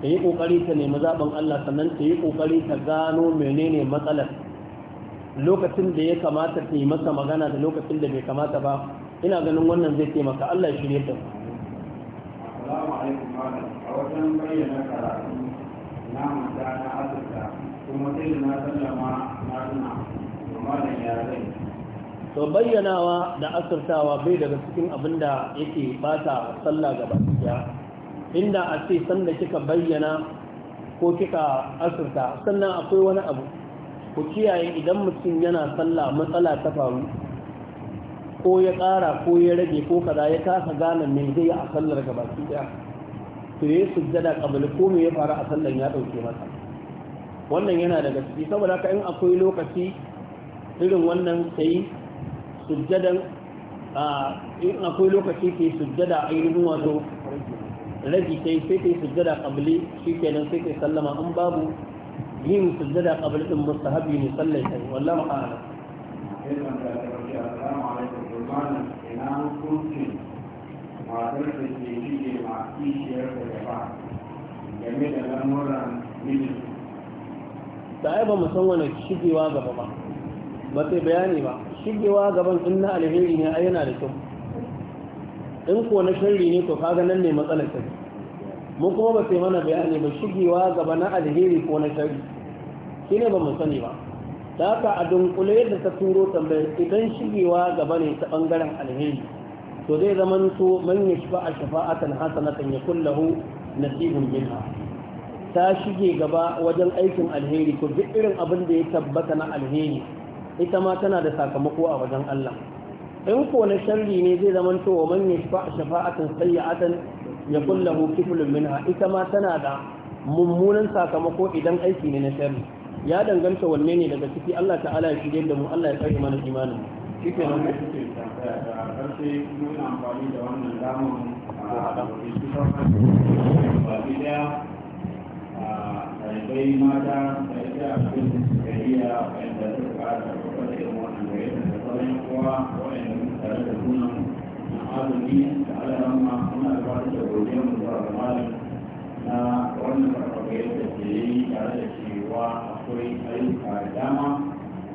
ta yi ƙoƙari ta nemi zaɓin Allah sannan ta yi ƙoƙari ta gano menene matsalar lokacin da ya kamata ta yi masa magana da lokacin da bai kamata ba ina ganin wannan zai taimaka Allah ya ne ta Assalamu alaikum a wajen bayyana karatu na mata na Afirka kuma sai na sallama na tuna amma da ya to bayyanawa da asirtawa bai daga cikin abin da yake bata sallah gaba daya inda a ce sanda kika bayyana ko kika asirta sannan akwai wani abu ku kiyaye idan mutum yana sallah matsala ta faru ko ya ƙara ko ya rage ko kaza ya kasa gane me zai a sallar gaba ki daya to yayi sujjada qabl ko me ya faru a sallar ya dauke masa wannan yana daga ciki saboda haka in akwai lokaci irin wannan sai sujjadan a in akwai lokaci ke sujjada ainihin wato rage sai sai kai sujjada qabli shikenan sai kai sallama an babu yin sujjada qabl din mustahabi ne sallai kai wallahi ma kishiyar da game ba mu san wani shigewa gaba ba ba sai bayani ba shigewa gaban in na alheri ne a yana da kyau in ko na shirri ne to kaga nan ne matsalar ta mun kuma ba sai mana bayani ba shigewa gaba na alheri ko na shari shi ne ba mu sani ba Ta haka a dunkule yadda ta turo tambayar idan shigewa gaba ne ta bangaren alheri to zai zama to man ya shafa a shafa'atan hasanatan ya kullahu nasibun minha ta shige gaba wajen aikin alheri ko duk irin abin da ya tabbata na alheri ita ma tana da sakamako a wajen Allah in ko na sharri ne zai zama to man ya shafa shafa'atan sayyi'atan ya mu kiflun minha ita ma tana da mummunan sakamako idan aiki ne na sharri ya danganta wanne ne daga ciki Allah ta'ala ya shige da mu Allah ya tsare mana imanin shi ke nan kike karshe mun amfani da wannan damar a shi da shi ba biya a dai mata da ita abin da iya da ta fara da wannan da ya da sauran kowa wanda mun tare da sunan azumi da alaman ma muna gabatar da godiya mu zuwa ga malam na wannan farfagayar da ke yi tare da cewa akwai ayyuka da dama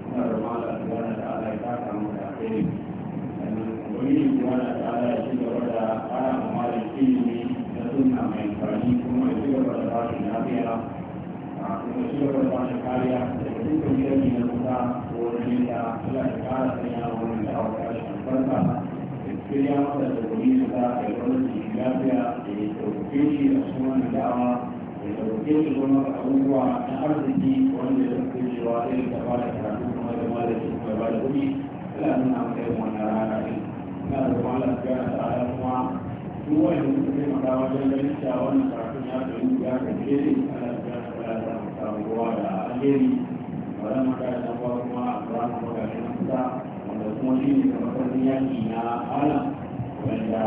muna da da ala ya taka mu da kai ubangiji subhanahu da ala ya ci gaba da ƙara ma malam ilimi na suna mai amfani kuma ya ci gaba da bashi lafiya kuma ci gaba da bashi kariya daga dukkan kusa ko na nesa ya ƙara sanya wannan da aure a sai ya masa da kuɗi na ta da gwamnati lafiya da ya ɗauke shi a cikin wannan da'awa da ya ɗauke shi abubuwa na arziki wanda ya ɗauke cewa irin da ba da karatu kuma da ma da cikin ba da kuɗi ala nuna maka irin wannan rana ɗin ina da kuma ala su gana ta'ala kuma duk wanda suka taimaka wajen ganin cewa wannan karatun ya ɗauki ya karfe ne ala su gana ta'ala za samu ruwa da alheri ba za kuma a ba da ga shi na da kuma shi ne da makarin yaki na ana wanda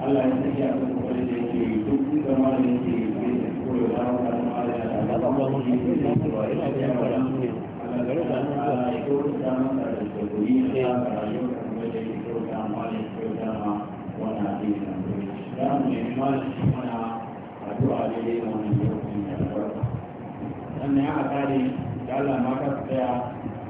Allah ya tafi a kan kwakwale da yake duk duka mara yake bai da ko da za mu kan mara da ta zaba ba mu yi da su ba ina da yawa da su ne Allah ya rufa mu da ya ko da mu da da goyi ne ya ga yau da mu da ya ko da mu da ko da mu wannan abin da mu yi da mu ne ma shi mana addu'a da dai wannan lokacin da ya barka sannan ya kare da Allah ma ka tsaya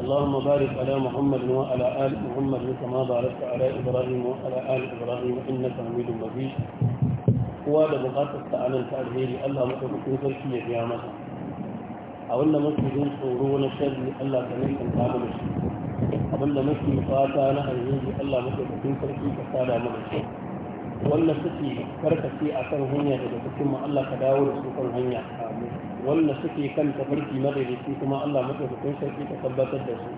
اللهم بارك على محمد وعلى آل محمد كما باركت على إبراهيم وعلى آل إبراهيم إنك حميد مجيد kowa da bukatar ta anan ta alheri Allah madaukakin sarki ya biya masa a wanda muke jin tsoro na sharri Allah ka nan ta mana na Allah sada mana shi wannan suke karkace kan hanya daga cikin mu Allah ka dawo da su kan hanya amin wanda suke kan tafarki madaidaci kuma Allah madaukakin sarki ta tabbatar da su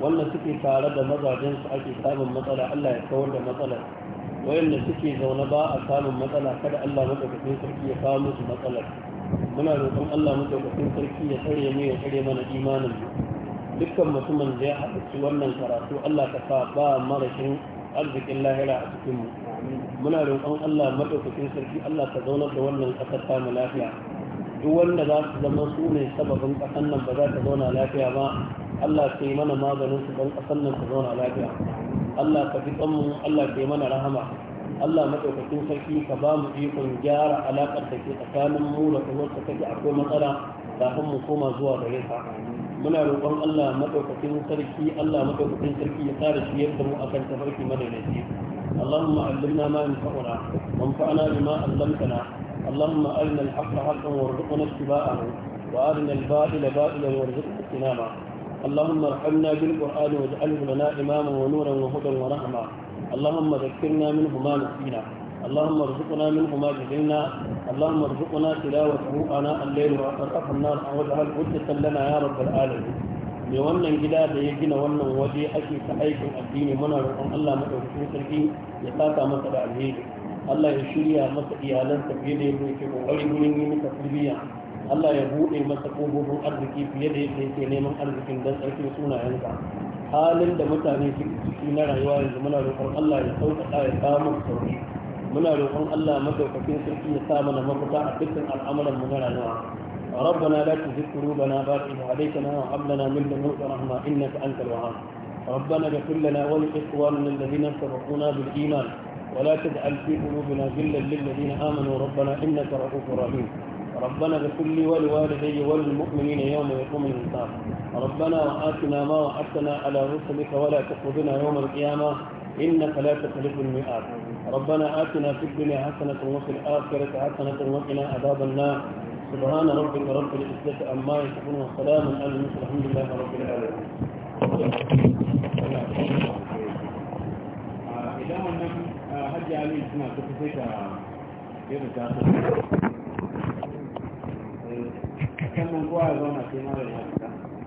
wanda suke tare da mazajen su ake samun matsala Allah ya kawar da matsalar wayanda suke zaune ba a samun matsala kada Allah madaukakin sarki ya kawo musu matsalar muna roƙon Allah madaukakin sarki ya tsare mu ya tsare mana imanin mu dukkan mutumin da ya haɗu wannan karatu Allah ka sa ba marashin arzikin lahira a cikin mu muna roƙon Allah madaukakin sarki Allah ka zaunar da wannan ƙasar ta mu lafiya duk wanda za su zama su ne sababin ƙasar nan ba za ta zauna lafiya ba Allah ke mana maganin su don ƙasar nan ta zauna lafiya Allah ka fi tsammu Allah ke mana rahama Allah maɗaukakin sarki ka ba mu ikon gyara alaƙar da ke tsakanin mu da kuma ta kake akwai matsala kafin mu koma zuwa gare ka muna roƙon Allah maɗaukakin sarki Allah maɗaukakin sarki ya tsara shi yadda mu akan tafarki madaidaci اللهم علمنا ما ينفعنا وانفعنا بما علمتنا اللهم أرنا الحق حقا وارزقنا اتباعه وأرنا الباطل باطلا وارزقنا اجتنابه اللهم ارحمنا بالقرآن واجعله لنا إماما ونورا وهدى ورحمة اللهم ذكرنا منه ما نسينا اللهم ارزقنا منه ما جهلنا اللهم ارزقنا تلاوته آناء الليل وأطراف النار واجعل حجة لنا يا رب العالمين mai wannan gida da ya gina wannan waje ake ta aikin addini muna roƙon Allah madaukakin sarki ya saka masa da alheri Allah ya shirya masa iyalansa fiye da yadda yake kokarin gurin yi masa tarbiyya Allah ya buɗe masa kofofin arziki fiye da yadda yake neman arzikin dan tsarkin sunayenka halin da mutane suke ciki na rayuwa yanzu muna roƙon Allah ya sauƙaƙa ya kawo sauƙi muna roƙon Allah madaukakin sarki ya sa mana mafita a dukkan al'amuran mu na rayuwa ربنا لا تزغ قلوبنا بعد إذ هديتنا وهب لنا من لدنك رحمة إنك أنت الوهاب ربنا اغفر لنا ولإخواننا الذين سبقونا بالإيمان ولا تجعل في قلوبنا غلا للذين آمنوا ربنا إنك رؤوف رحيم ربنا بكل ولوالدي والمؤمنين يوم يقوم الحساب ربنا وآتنا ما وعدتنا على رسلك ولا تخرجنا يوم القيامة إنك لا تخلف المئات ربنا آتنا في الدنيا حسنة وفي الآخرة حسنة وقنا عذاب النار سبحان ربك رب العزة عما يصفون وسلام على المرسلين الحمد لله رب العالمين. آه، hajji ali suna ta sai ta yadda ta so a kan nan kowa zauna sai mara yaki